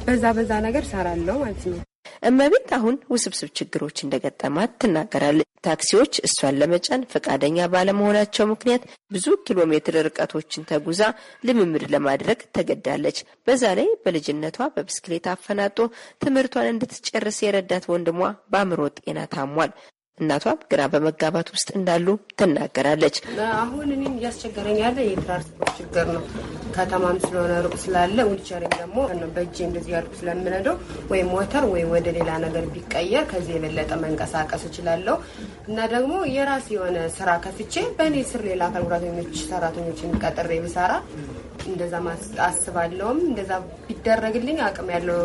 በዛ በዛ ነገር ሰራለው ማለት ነው። እመቤት አሁን ውስብስብ ችግሮች እንደገጠማት ትናገራለች። ታክሲዎች እሷን ለመጫን ፈቃደኛ ባለመሆናቸው ምክንያት ብዙ ኪሎ ሜትር ርቀቶችን ተጉዛ ልምምድ ለማድረግ ተገዳለች። በዛ ላይ በልጅነቷ በብስክሌት አፈናጦ ትምህርቷን እንድትጨርስ የረዳት ወንድሟ በአእምሮ ጤና ታሟል። እናቷም ግራ በመጋባት ውስጥ እንዳሉ ትናገራለች። አሁን እኔም እያስቸገረኝ ያለ የትራንስፖርት ችግር ነው። ከተማም ስለሆነ ሩቅ ስላለ ዊልቸርም ደግሞ በእጄ እንደዚህ ያልኩ ስለምነደው ወይ ሞተር ወይ ወደ ሌላ ነገር ቢቀየር ከዚህ የበለጠ መንቀሳቀስ እችላለሁ እና ደግሞ የራስ የሆነ ስራ ከፍቼ በእኔ ስር ሌላ አካል ጉዳተኞች ሰራተኞችን ብሰራ እንደዛ አስባለሁም። እንደዛ ቢደረግልኝ አቅም ያለው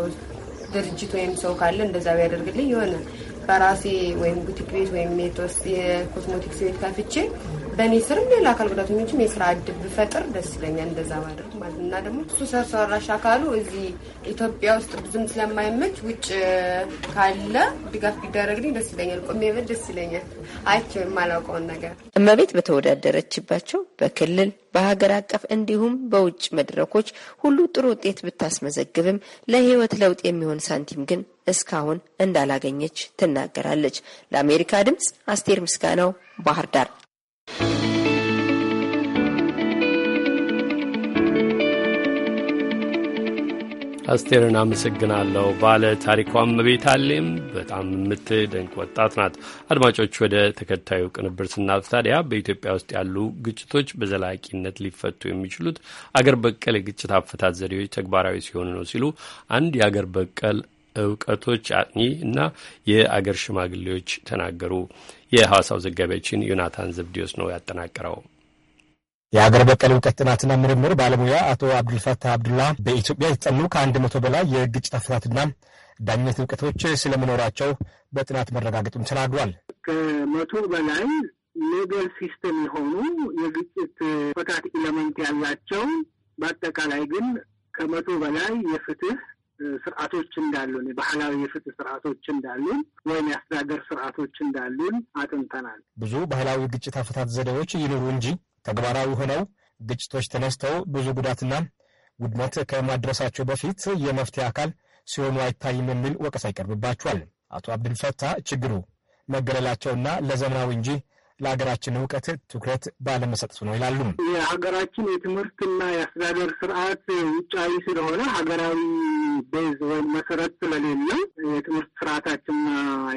ድርጅት ወይም ሰው ካለ እንደዛ ቢያደርግልኝ የሆነ በራሴ ወይም ቡቲክ ቤት ወይም የኮስሞቲክስ ቤት ከፍቼ በእኔ ስርም ሌላ አካል ጉዳተኞችም የስራ እድል ብፈጥር ደስ ይለኛል። እንደዛ ማድረግ ማለት እና ደግሞ እሱ ሰው ሰራሽ አካሉ እዚህ ኢትዮጵያ ውስጥ ብዙም ስለማይመች ውጭ ካለ ድጋፍ ቢደረግልኝ ደስ ይለኛል። ቆሜ ብል ደስ ይለኛል። አይቼው የማላውቀውን ነገር እመቤት በተወዳደረችባቸው በክልል በሀገር አቀፍ እንዲሁም በውጭ መድረኮች ሁሉ ጥሩ ውጤት ብታስመዘግብም ለሕይወት ለውጥ የሚሆን ሳንቲም ግን እስካሁን እንዳላገኘች ትናገራለች። ለአሜሪካ ድምፅ አስቴር ምስጋናው ባህር ዳር። አስቴርን አመሰግናለሁ። ባለ ታሪኳም አሌም በጣም የምትደንቅ ወጣት ናት። አድማጮች ወደ ተከታዩ ቅንብር ስናልፍ ታዲያ በኢትዮጵያ ውስጥ ያሉ ግጭቶች በዘላቂነት ሊፈቱ የሚችሉት አገር በቀል የግጭት አፈታት ዘዴዎች ተግባራዊ ሲሆኑ ነው ሲሉ አንድ የአገር በቀል እውቀቶች አጥኚ እና የአገር ሽማግሌዎች ተናገሩ። የሐዋሳው ዘጋቢያችን ዮናታን ዘብዲዮስ ነው ያጠናቀረው። የሀገር በቀል እውቀት ጥናትና ምርምር ባለሙያ አቶ አብዱልፈታህ አብዱላ በኢትዮጵያ የተጠኑ ከአንድ መቶ በላይ የግጭት አፈታትና ዳኝነት እውቀቶች ስለመኖራቸው በጥናት መረጋገጡን ተናግሯል። ከመቶ በላይ ሌገል ሲስተም የሆኑ የግጭት ፈታት ኢለመንት ያላቸው በአጠቃላይ ግን ከመቶ በላይ የፍትህ ስርዓቶች እንዳሉን ባህላዊ የፍትህ ስርዓቶች እንዳሉን ወይም የአስተዳደር ስርዓቶች እንዳሉን አጥንተናል። ብዙ ባህላዊ ግጭት አፈታት ዘዴዎች ይኑሩ እንጂ ተግባራዊ ሆነው ግጭቶች ተነስተው ብዙ ጉዳትና ውድመት ከማድረሳቸው በፊት የመፍትሄ አካል ሲሆኑ አይታይም የሚል ወቀሳ ይቀርብባቸዋል። አቶ አብድልፈታ ችግሩ መገለላቸውና ለዘመናዊ እንጂ ለሀገራችን እውቀት ትኩረት ባለመሰጠቱ ነው ይላሉ። የሀገራችን የትምህርትና የአስተዳደር ስርዓት ውጫዊ ስለሆነ ሀገራዊ ቤዝ ወይም መሰረት ስለሌለው የትምህርት ስርዓታችንና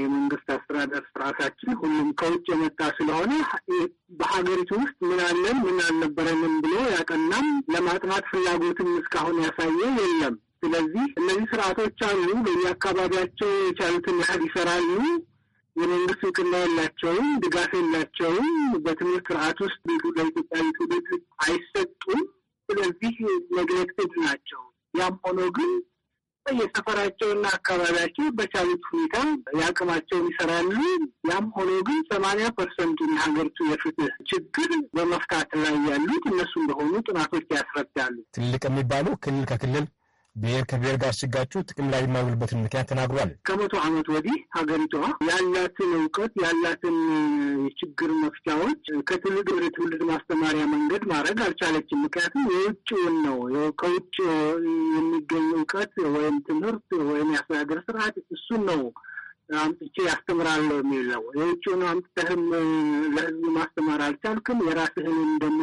የመንግስት አስተዳደር ስርዓታችን ሁሉም ከውጭ የመጣ ስለሆነ በሀገሪቱ ውስጥ ምን አለን ምን አልነበረንም ብሎ ያቀናም ለማጥናት ፍላጎትም እስካሁን ያሳየ የለም። ስለዚህ እነዚህ ስርዓቶች አሉ፣ በየአካባቢያቸው የቻሉትን ያህል ይሰራሉ። የመንግስት እውቅና የላቸውም፣ ድጋፍ የላቸውም። በትምህርት ስርዓት ውስጥ ለኢትዮጵያዊ ትውልድ አይሰጡም። ስለዚህ ኔግሌክትድ ናቸው። ያም ሆኖ ግን የሰፈራቸውና አካባቢያቸው በቻሉት ሁኔታ የአቅማቸውን ይሰራሉ። ያም ሆኖ ግን ሰማንያ ፐርሰንቱ የሀገሪቱ የፍትህ ችግር በመፍታት ላይ ያሉት እነሱ እንደሆኑ ጥናቶች ያስረዳሉ። ትልቅ የሚባሉ ክልል ከክልል ብሔር ከብሔር ጋር ሲጋጩ ጥቅም ላይ የማይውልበትን ምክንያት ተናግሯል። ከመቶ ዓመት ወዲህ ሀገሪቷ ያላትን እውቀት ያላትን የችግር መፍቻዎች ከትውልድ ወደ ትውልድ ማስተማሪያ መንገድ ማድረግ አልቻለችም። ምክንያቱም የውጭውን ነው ከውጭ የሚገኝ እውቀት ወይም ትምህርት ወይም የአስተዳደር ስርዓት እሱን ነው አምጥቼ ያስተምራለሁ የሚለው የውጭውን አምጥተህም ለህዝብ ማስተማር አልቻልክም የራስህን ደግሞ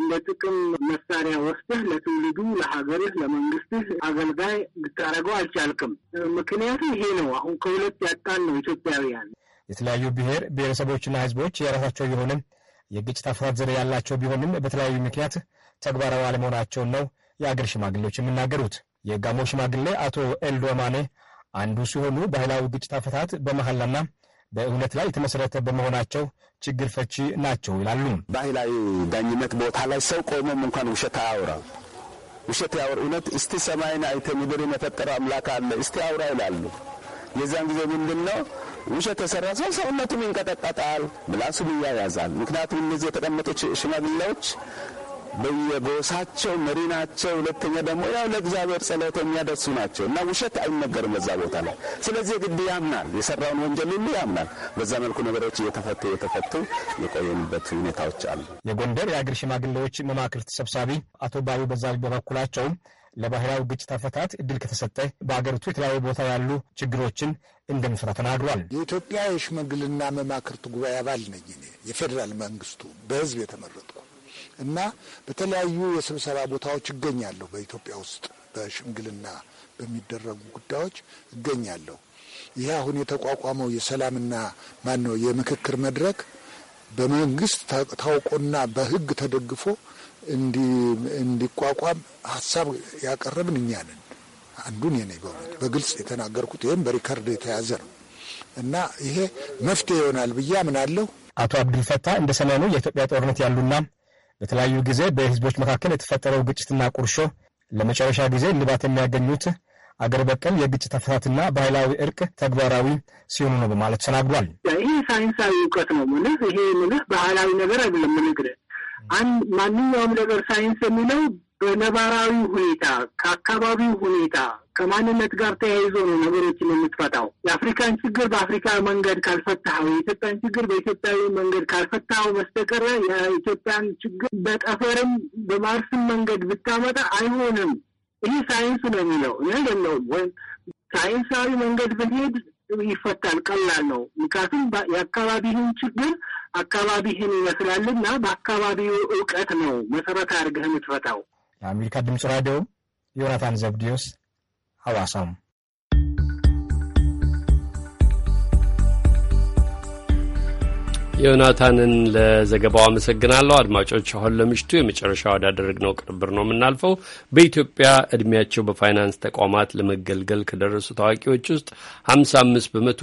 እንደ ጥቅም መሳሪያ ወስደህ ለትውልዱ፣ ለሀገርህ፣ ለመንግስትህ አገልጋይ ልታደርገው አልቻልክም። ምክንያቱ ይሄ ነው። አሁን ከሁለት ያጣን ነው ኢትዮጵያውያን። የተለያዩ ብሔር ብሔረሰቦችና ህዝቦች የራሳቸው የሆነ የግጭት አፈታት ዘዴ ያላቸው ቢሆንም በተለያዩ ምክንያት ተግባራዊ አለመሆናቸውን ነው የአገር ሽማግሌዎች የሚናገሩት። የጋሞ ሽማግሌ አቶ ኤልዶማኔ አንዱ ሲሆኑ ባህላዊ ግጭት አፈታት በመሐላና በእውነት ላይ የተመሰረተ በመሆናቸው ችግር ፈቺ ናቸው ይላሉ። ባህላዊ ዳኝነት ቦታ ላይ ሰው ቆሞም እንኳን ውሸት አያወራ ውሸት ያወር እውነት እስቲ ሰማይን አይተ ምድርን የፈጠረ አምላክ አለ እስቲ አውራ ይላሉ። የዚያን ጊዜ ምንድን ነው ውሸት የሰራ ሰው ሰውነቱም ይንቀጠቀጣል፣ ምላሱም ይያያዛል። ምክንያቱም እነዚህ የተቀመጡ ሽማግሌዎች በየቦሳቸው መሪ ናቸው። ሁለተኛ ደግሞ ያው ለእግዚአብሔር ጸሎት የሚያደርሱ ናቸው እና ውሸት አይነገርም በዛ ቦታ ላይ። ስለዚህ ግድ ያምናል፣ የሰራውን ወንጀል ሁሉ ያምናል። በዛ መልኩ ነገሮች እየተፈቱ እየተፈቱ የቆየንበት ሁኔታዎች አሉ። የጎንደር የአገር ሽማግሌዎች መማክርት ሰብሳቢ አቶ ባዩ በዛጅ በበኩላቸው ለባህላዊ ግጭት አፈታት እድል ከተሰጠ በአገሪቱ የተለያዩ ቦታ ያሉ ችግሮችን እንደሚፈታ ተናግሯል። የኢትዮጵያ የሽመግልና መማክርት ጉባኤ አባል ነኝ። የፌዴራል መንግስቱ በህዝብ የተመረጥኩ እና በተለያዩ የስብሰባ ቦታዎች እገኛለሁ። በኢትዮጵያ ውስጥ በሽምግልና በሚደረጉ ጉዳዮች እገኛለሁ። ይህ አሁን የተቋቋመው የሰላምና ማን ነው የምክክር መድረክ በመንግስት ታውቆና በህግ ተደግፎ እንዲቋቋም ሀሳብ ያቀረብን እኛ ነን። አንዱን የኔ በእውነት በግልጽ የተናገርኩት ይህም በሪከርድ የተያዘ ነው እና ይሄ መፍትሄ ይሆናል ብዬ አምናለሁ። አቶ አብዱልፈታ እንደ ሰሜኑ የኢትዮጵያ ጦርነት ያሉና በተለያዩ ጊዜ በህዝቦች መካከል የተፈጠረው ግጭትና ቁርሾ ለመጨረሻ ጊዜ ልባት የሚያገኙት አገር በቀል የግጭት አፈታትና ባህላዊ እርቅ ተግባራዊ ሲሆኑ ነው በማለት ተናግሯል። ይህ ሳይንሳዊ እውቀት ነው ምልህ ይሄ ምልህ ባህላዊ ነገር አይደለም ምንግርህ አንድ ማንኛውም ነገር ሳይንስ የሚለው በነባራዊ ሁኔታ ከአካባቢው ሁኔታ ከማንነት ጋር ተያይዞ ነው ነገሮችን የምትፈታው። የአፍሪካን ችግር በአፍሪካ መንገድ ካልፈታው የኢትዮጵያን ችግር በኢትዮጵያዊ መንገድ ካልፈታው በስተቀር የኢትዮጵያን ችግር በጠፈርም በማርስም መንገድ ብታመጣ አይሆንም። ይህ ሳይንስ ነው የሚለው እኔ አይደለሁም። ወይም ሳይንሳዊ መንገድ ብንሄድ ይፈታል፣ ቀላል ነው። ምክንያቱም የአካባቢህን ችግር አካባቢህን ይመስላልና በአካባቢው እውቀት ነው መሰረት አድርገህ የምትፈታው። ለአሜሪካ ድምፅ ራዲዮ ዮናታን ዘብዲዮስ ሐዋሳም ዮናታንን ለዘገባው አመሰግናለሁ። አድማጮች፣ አሁን ለምሽቱ የመጨረሻ ወዳደረግነው ቅንብር ነው የምናልፈው። በኢትዮጵያ እድሜያቸው በፋይናንስ ተቋማት ለመገልገል ከደረሱ ታዋቂዎች ውስጥ 55 በመቶ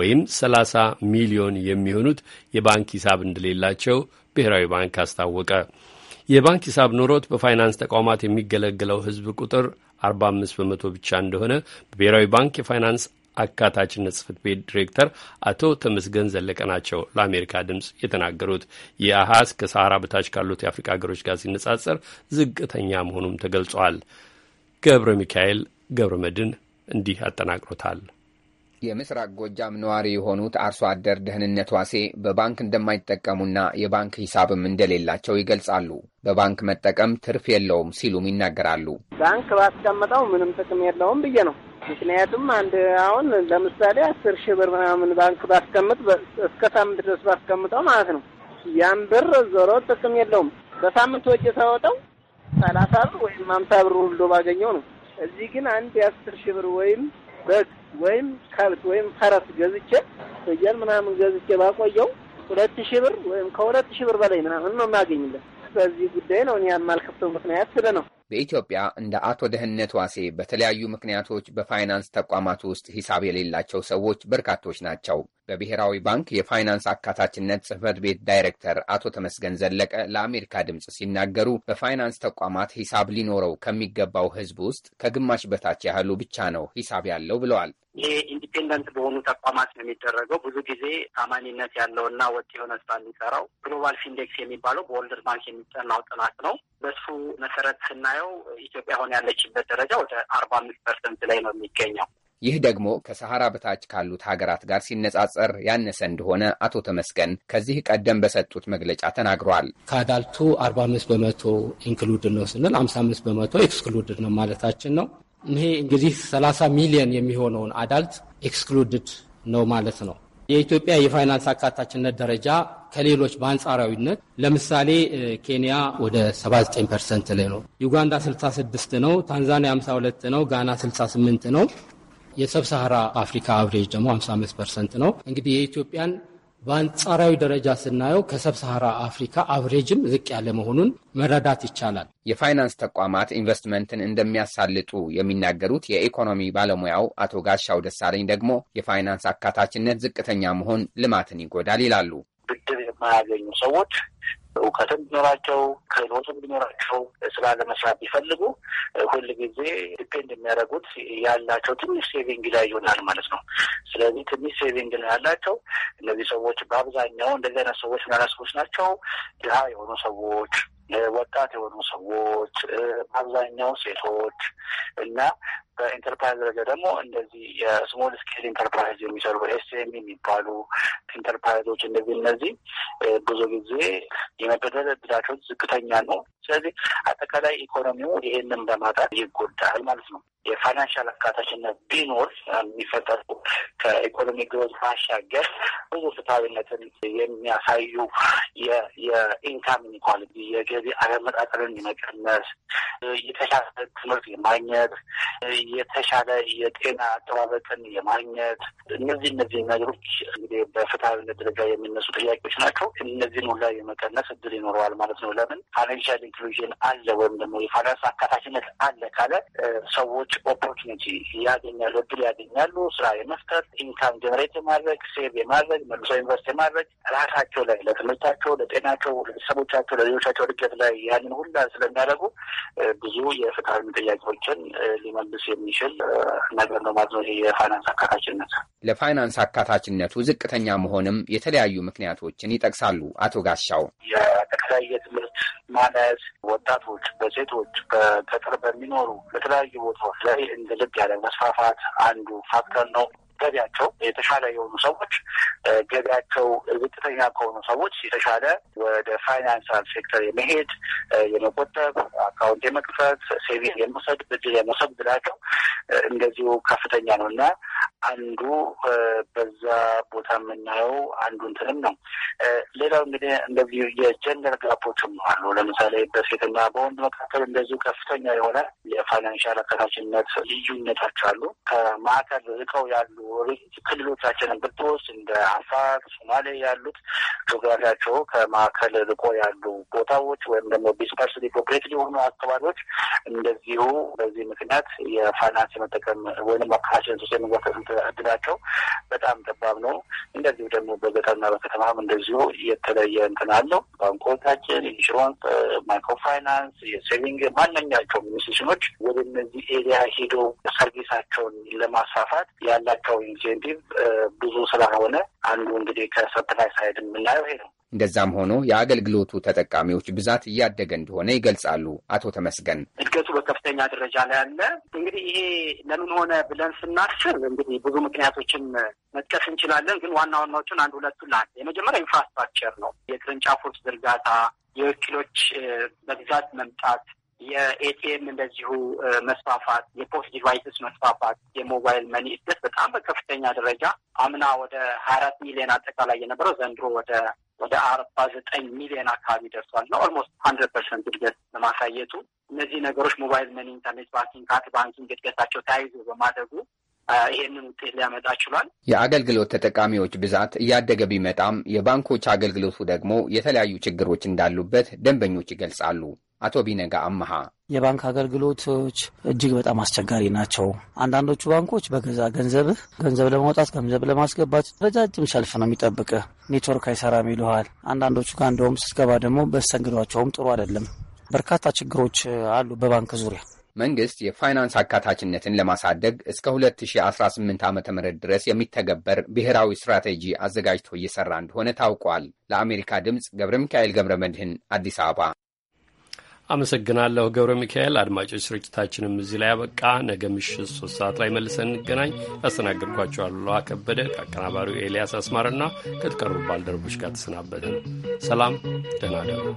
ወይም 30 ሚሊዮን የሚሆኑት የባንክ ሂሳብ እንደሌላቸው ብሔራዊ ባንክ አስታወቀ። የባንክ ሂሳብ ኖሮት በፋይናንስ ተቋማት የሚገለገለው ሕዝብ ቁጥር 45 በመቶ ብቻ እንደሆነ በብሔራዊ ባንክ የፋይናንስ አካታችነት ጽህፈት ቤት ዲሬክተር አቶ ተመስገን ዘለቀ ናቸው ለአሜሪካ ድምፅ የተናገሩት። ይህ አሀዝ ከሰሃራ በታች ካሉት የአፍሪካ ሀገሮች ጋር ሲነጻጸር ዝቅተኛ መሆኑም ተገልጿል። ገብረ ሚካኤል ገብረ መድን እንዲህ አጠናቅሮታል። የምስራቅ ጎጃም ነዋሪ የሆኑት አርሶ አደር ደህንነት ዋሴ በባንክ እንደማይጠቀሙና የባንክ ሂሳብም እንደሌላቸው ይገልጻሉ። በባንክ መጠቀም ትርፍ የለውም ሲሉም ይናገራሉ። ባንክ ባስቀምጠው ምንም ጥቅም የለውም ብዬ ነው። ምክንያቱም አንድ አሁን ለምሳሌ አስር ሺህ ብር ምናምን ባንክ ባስቀምጥ እስከ ሳምንት ድረስ ባስቀምጠው ማለት ነው ያን ብር ዞሮ ጥቅም የለውም። በሳምንት ወጪ ሳወጣው ሰላሳ ብር ወይም አምሳ ብር ሁሉ ባገኘው ነው። እዚህ ግን አንድ የአስር ሺህ ብር ወይም በግ ወይም ከብት ወይም ፈረስ ገዝቼ ፍየል ምናምን ገዝቼ ባቆየው ሁለት ሺህ ብር ወይም ከሁለት ሺህ ብር በላይ ምናምን ነው የማገኝለት። በዚህ ጉዳይ ነው እኔ የማልከፍተው ምክንያት ስለ ነው። በኢትዮጵያ እንደ አቶ ደህንነት ዋሴ በተለያዩ ምክንያቶች በፋይናንስ ተቋማት ውስጥ ሂሳብ የሌላቸው ሰዎች በርካቶች ናቸው። በብሔራዊ ባንክ የፋይናንስ አካታችነት ጽህፈት ቤት ዳይሬክተር አቶ ተመስገን ዘለቀ ለአሜሪካ ድምፅ ሲናገሩ በፋይናንስ ተቋማት ሂሳብ ሊኖረው ከሚገባው ህዝብ ውስጥ ከግማሽ በታች ያህሉ ብቻ ነው ሂሳብ ያለው ብለዋል። ይህ ኢንዲፔንደንት በሆኑ ተቋማት ነው የሚደረገው። ብዙ ጊዜ ታማኒነት ያለው እና ወጥ የሆነ ስራ የሚሰራው ግሎባል ፊንዴክስ የሚባለው በወርልድ ባንክ የሚጠናው ጥናት ነው። በሱ መሰረት ስናየው ኢትዮጵያ አሁን ያለችበት ደረጃ ወደ አርባ አምስት ፐርሰንት ላይ ነው የሚገኘው። ይህ ደግሞ ከሰሐራ በታች ካሉት ሀገራት ጋር ሲነጻጸር ያነሰ እንደሆነ አቶ ተመስገን ከዚህ ቀደም በሰጡት መግለጫ ተናግሯል። ከአዳልቱ 45 በመቶ ኢንክሉድ ነው ስንል 55 በመቶ ኤክስክሉድድ ነው ማለታችን ነው። ይሄ እንግዲህ 30 ሚሊየን የሚሆነውን አዳልት ኤክስክሉድድ ነው ማለት ነው። የኢትዮጵያ የፋይናንስ አካታችነት ደረጃ ከሌሎች በአንጻራዊነት ለምሳሌ ኬንያ ወደ 79 ፐርሰንት ላይ ነው፣ ዩጋንዳ 66 ነው፣ ታንዛኒያ 52 ነው፣ ጋና 68 ነው፣ የሰብሳራ አፍሪካ አብሬጅ ደግሞ 55 ፐርሰንት ነው። እንግዲህ የኢትዮጵያን በአንጻራዊ ደረጃ ስናየው ከሰብሳራ አፍሪካ አብሬጅም ዝቅ ያለ መሆኑን መረዳት ይቻላል። የፋይናንስ ተቋማት ኢንቨስትመንትን እንደሚያሳልጡ የሚናገሩት የኢኮኖሚ ባለሙያው አቶ ጋሻው ደሳለኝ ደግሞ የፋይናንስ አካታችነት ዝቅተኛ መሆን ልማትን ይጎዳል ይላሉ። ብድር የማያገኙ ሰዎች እውቀትም ቢኖራቸው ክህሎትም ቢኖራቸው ስራ ለመስራት ቢፈልጉ ሁል ጊዜ ዲፔንድ የሚያደርጉት ያላቸው ትንሽ ሴቪንግ ላይ ይሆናል ማለት ነው። ስለዚህ ትንሽ ሴቪንግ ላይ ያላቸው እነዚህ ሰዎች በአብዛኛው እንደዚህ አይነት ሰዎች ናቸው። ድሀ የሆኑ ሰዎች ወጣት የሆኑ ሰዎች አብዛኛው ሴቶች እና በኢንተርፕራይዝ ደረጃ ደግሞ እንደዚህ የስሞል ስኬል ኢንተርፕራይዝ የሚሰሩ ኤስኤም የሚባሉ ኢንተርፕራይዞች እንደዚህ እነዚህ ብዙ ጊዜ የመበደል እድላቸው ዝቅተኛ ነው። ስለዚህ አጠቃላይ ኢኮኖሚው ይህንን በማጣት ይጎዳል ማለት ነው። የፋይናንሻል አካታችነት ቢኖር የሚፈጠሩ ከኢኮኖሚ ግሮዝ ባሻገር ብዙ ፍትሐዊነትን የሚያሳዩ የኢንካም ኢኒኳሊቲ የገቢ አለመጣጠርን የመቀነስ፣ የተሻለ ትምህርት የማግኘት፣ የተሻለ የጤና አጠባበቅን የማግኘት እነዚህ እነዚህ ነገሮች እንግዲህ በፍትሐዊነት ደረጃ የሚነሱ ጥያቄዎች ናቸው። እነዚህን ሁላ የመቀነስ እድል ይኖረዋል ማለት ነው። ለምን ፋይናንሻል ኢንክሉዥን አለ ወይም ደግሞ የፋይናንስ አካታችነት አለ ካለ ሰዎች ኦፖርቹኒቲ ያገኛሉ፣ እድል ያገኛሉ። ስራ የመፍጠር ኢንካም ጀነሬት የማድረግ ሴቭ የማድረግ መልሶ ዩኒቨርስቲ የማድረግ ራሳቸው ላይ ለትምህርታቸው፣ ለጤናቸው፣ ለቤተሰቦቻቸው፣ ለሌሎቻቸው ሂደት ላይ ያንን ሁላ ስለሚያደርጉ ብዙ የፍትሐዊ ጥያቄዎችን ሊመልስ የሚችል ነገር ነው ማለት ነው። የፋይናንስ አካታችነት ለፋይናንስ አካታችነቱ ዝቅተኛ መሆንም የተለያዩ ምክንያቶችን ይጠቅሳሉ አቶ ጋሻው። የጠቅላይ የትምህርት ማነስ ወጣቶች፣ በሴቶች፣ በገጠር በሚኖሩ በተለያዩ ቦታዎች ላይ እንደ ልብ ያለ መስፋፋት አንዱ ፋክተር ነው። ገቢያቸው የተሻለ የሆኑ ሰዎች ገቢያቸው ዝቅተኛ ከሆኑ ሰዎች የተሻለ ወደ ፋይናንሳል ሴክተር የመሄድ የመቆጠብ አካውንት የመክፈት ሴቪንግ የመውሰድ ብድር የመውሰድ ብላቸው እንደዚሁ ከፍተኛ ነው እና አንዱ በዛ ቦታ የምናየው አንዱ እንትንም ነው። ሌላው እንግዲህ እንደዚሁ የጀንደር ጋፖችም አሉ። ለምሳሌ በሴትና በወንድ መካከል እንደዚሁ ከፍተኛ የሆነ የፋይናንሻል አካታችነት ልዩነታቸው አሉ። ከማዕከል ርቀው ያሉ ክልሎቻችንን ብትወስድ እንደ አፋር፣ ሶማሌ ያሉት ጂኦግራፊያቸው ከማዕከል ልቆ ያሉ ቦታዎች ወይም ደግሞ ዲስፐርስ ዲፖክሬት የሆኑ አካባቢዎች እንደዚሁ በዚህ ምክንያት የፋይናንስ የመጠቀም ወይም አካሽን ሶስ የመጓፈት እድላቸው በጣም ጠባብ ነው። እንደዚሁ ደግሞ በገጠርና በከተማም እንደዚሁ የተለየ እንትን አለው። ባንኮቻችን፣ ኢንሹራንስ፣ ማይክሮ ፋይናንስ፣ የሴቪንግ ማንኛቸውም ኢንስቲቱሽኖች ወደ እነዚህ ኤሪያ ሄዶ ሰርቪሳቸውን ለማስፋፋት ያላቸው ኢንሴንቲቭ ብዙ ስላልሆነ አንዱ እንግዲህ ከሰፕላይ ሳይድ የምናየው ይሄ ነው። እንደዛም ሆኖ የአገልግሎቱ ተጠቃሚዎች ብዛት እያደገ እንደሆነ ይገልጻሉ አቶ ተመስገን። እድገቱ በከፍተኛ ደረጃ ላይ አለ። እንግዲህ ይሄ ለምን ሆነ ብለን ስናስብ እንግዲህ ብዙ ምክንያቶችን መጥቀስ እንችላለን። ግን ዋና ዋናዎቹን አንድ ሁለቱን ላል የመጀመሪያ ኢንፍራስትራክቸር ነው። የቅርንጫፎች ዝርጋታ፣ የወኪሎች በብዛት መምጣት የኤቲኤም እንደዚሁ መስፋፋት፣ የፖስት ዲቫይስስ መስፋፋት፣ የሞባይል መኒ እድገት በጣም በከፍተኛ ደረጃ አምና ወደ ሀያ አራት ሚሊዮን አጠቃላይ የነበረው ዘንድሮ ወደ ወደ አርባ ዘጠኝ ሚሊዮን አካባቢ ደርሷል እና ኦልሞስት ሀንድረድ ፐርሰንት እድገት በማሳየቱ እነዚህ ነገሮች ሞባይል መኒ፣ ኢንተርኔት ባንኪንግ፣ ካርድ ባንኪንግ እድገታቸው ተያይዞ በማደጉ ይህንን ውጤት ሊያመጣ ችሏል። የአገልግሎት ተጠቃሚዎች ብዛት እያደገ ቢመጣም የባንኮች አገልግሎቱ ደግሞ የተለያዩ ችግሮች እንዳሉበት ደንበኞች ይገልጻሉ። አቶ ቢነጋ አመሃ የባንክ አገልግሎቶች እጅግ በጣም አስቸጋሪ ናቸው። አንዳንዶቹ ባንኮች በገዛ ገንዘብህ ገንዘብ ለማውጣት ገንዘብ ለማስገባት ረጃጅም ሰልፍ ነው የሚጠብቅህ። ኔትወርክ አይሰራም ይልሃል። አንዳንዶቹ ጋር እንደውም ስትገባ ደግሞ በስተንግዷቸውም ጥሩ አይደለም። በርካታ ችግሮች አሉ በባንክ ዙሪያ። መንግስት የፋይናንስ አካታችነትን ለማሳደግ እስከ 2018 ዓ ም ድረስ የሚተገበር ብሔራዊ ስትራቴጂ አዘጋጅቶ እየሰራ እንደሆነ ታውቋል። ለአሜሪካ ድምፅ ገብረ ሚካኤል ገብረ መድህን አዲስ አበባ አመሰግናለሁ ገብረ ሚካኤል። አድማጮች ስርጭታችንም እዚህ ላይ ያበቃ። ነገ ምሽት ሶስት ሰዓት ላይ መልሰን እንገናኝ። ያስተናገድኳቸው አሉላ ከበደ ከአቀናባሪው ኤልያስ አስማርና ከተቀሩ ባልደረቦች ጋር ተሰናበትን። ሰላም፣ ደህና ደሩ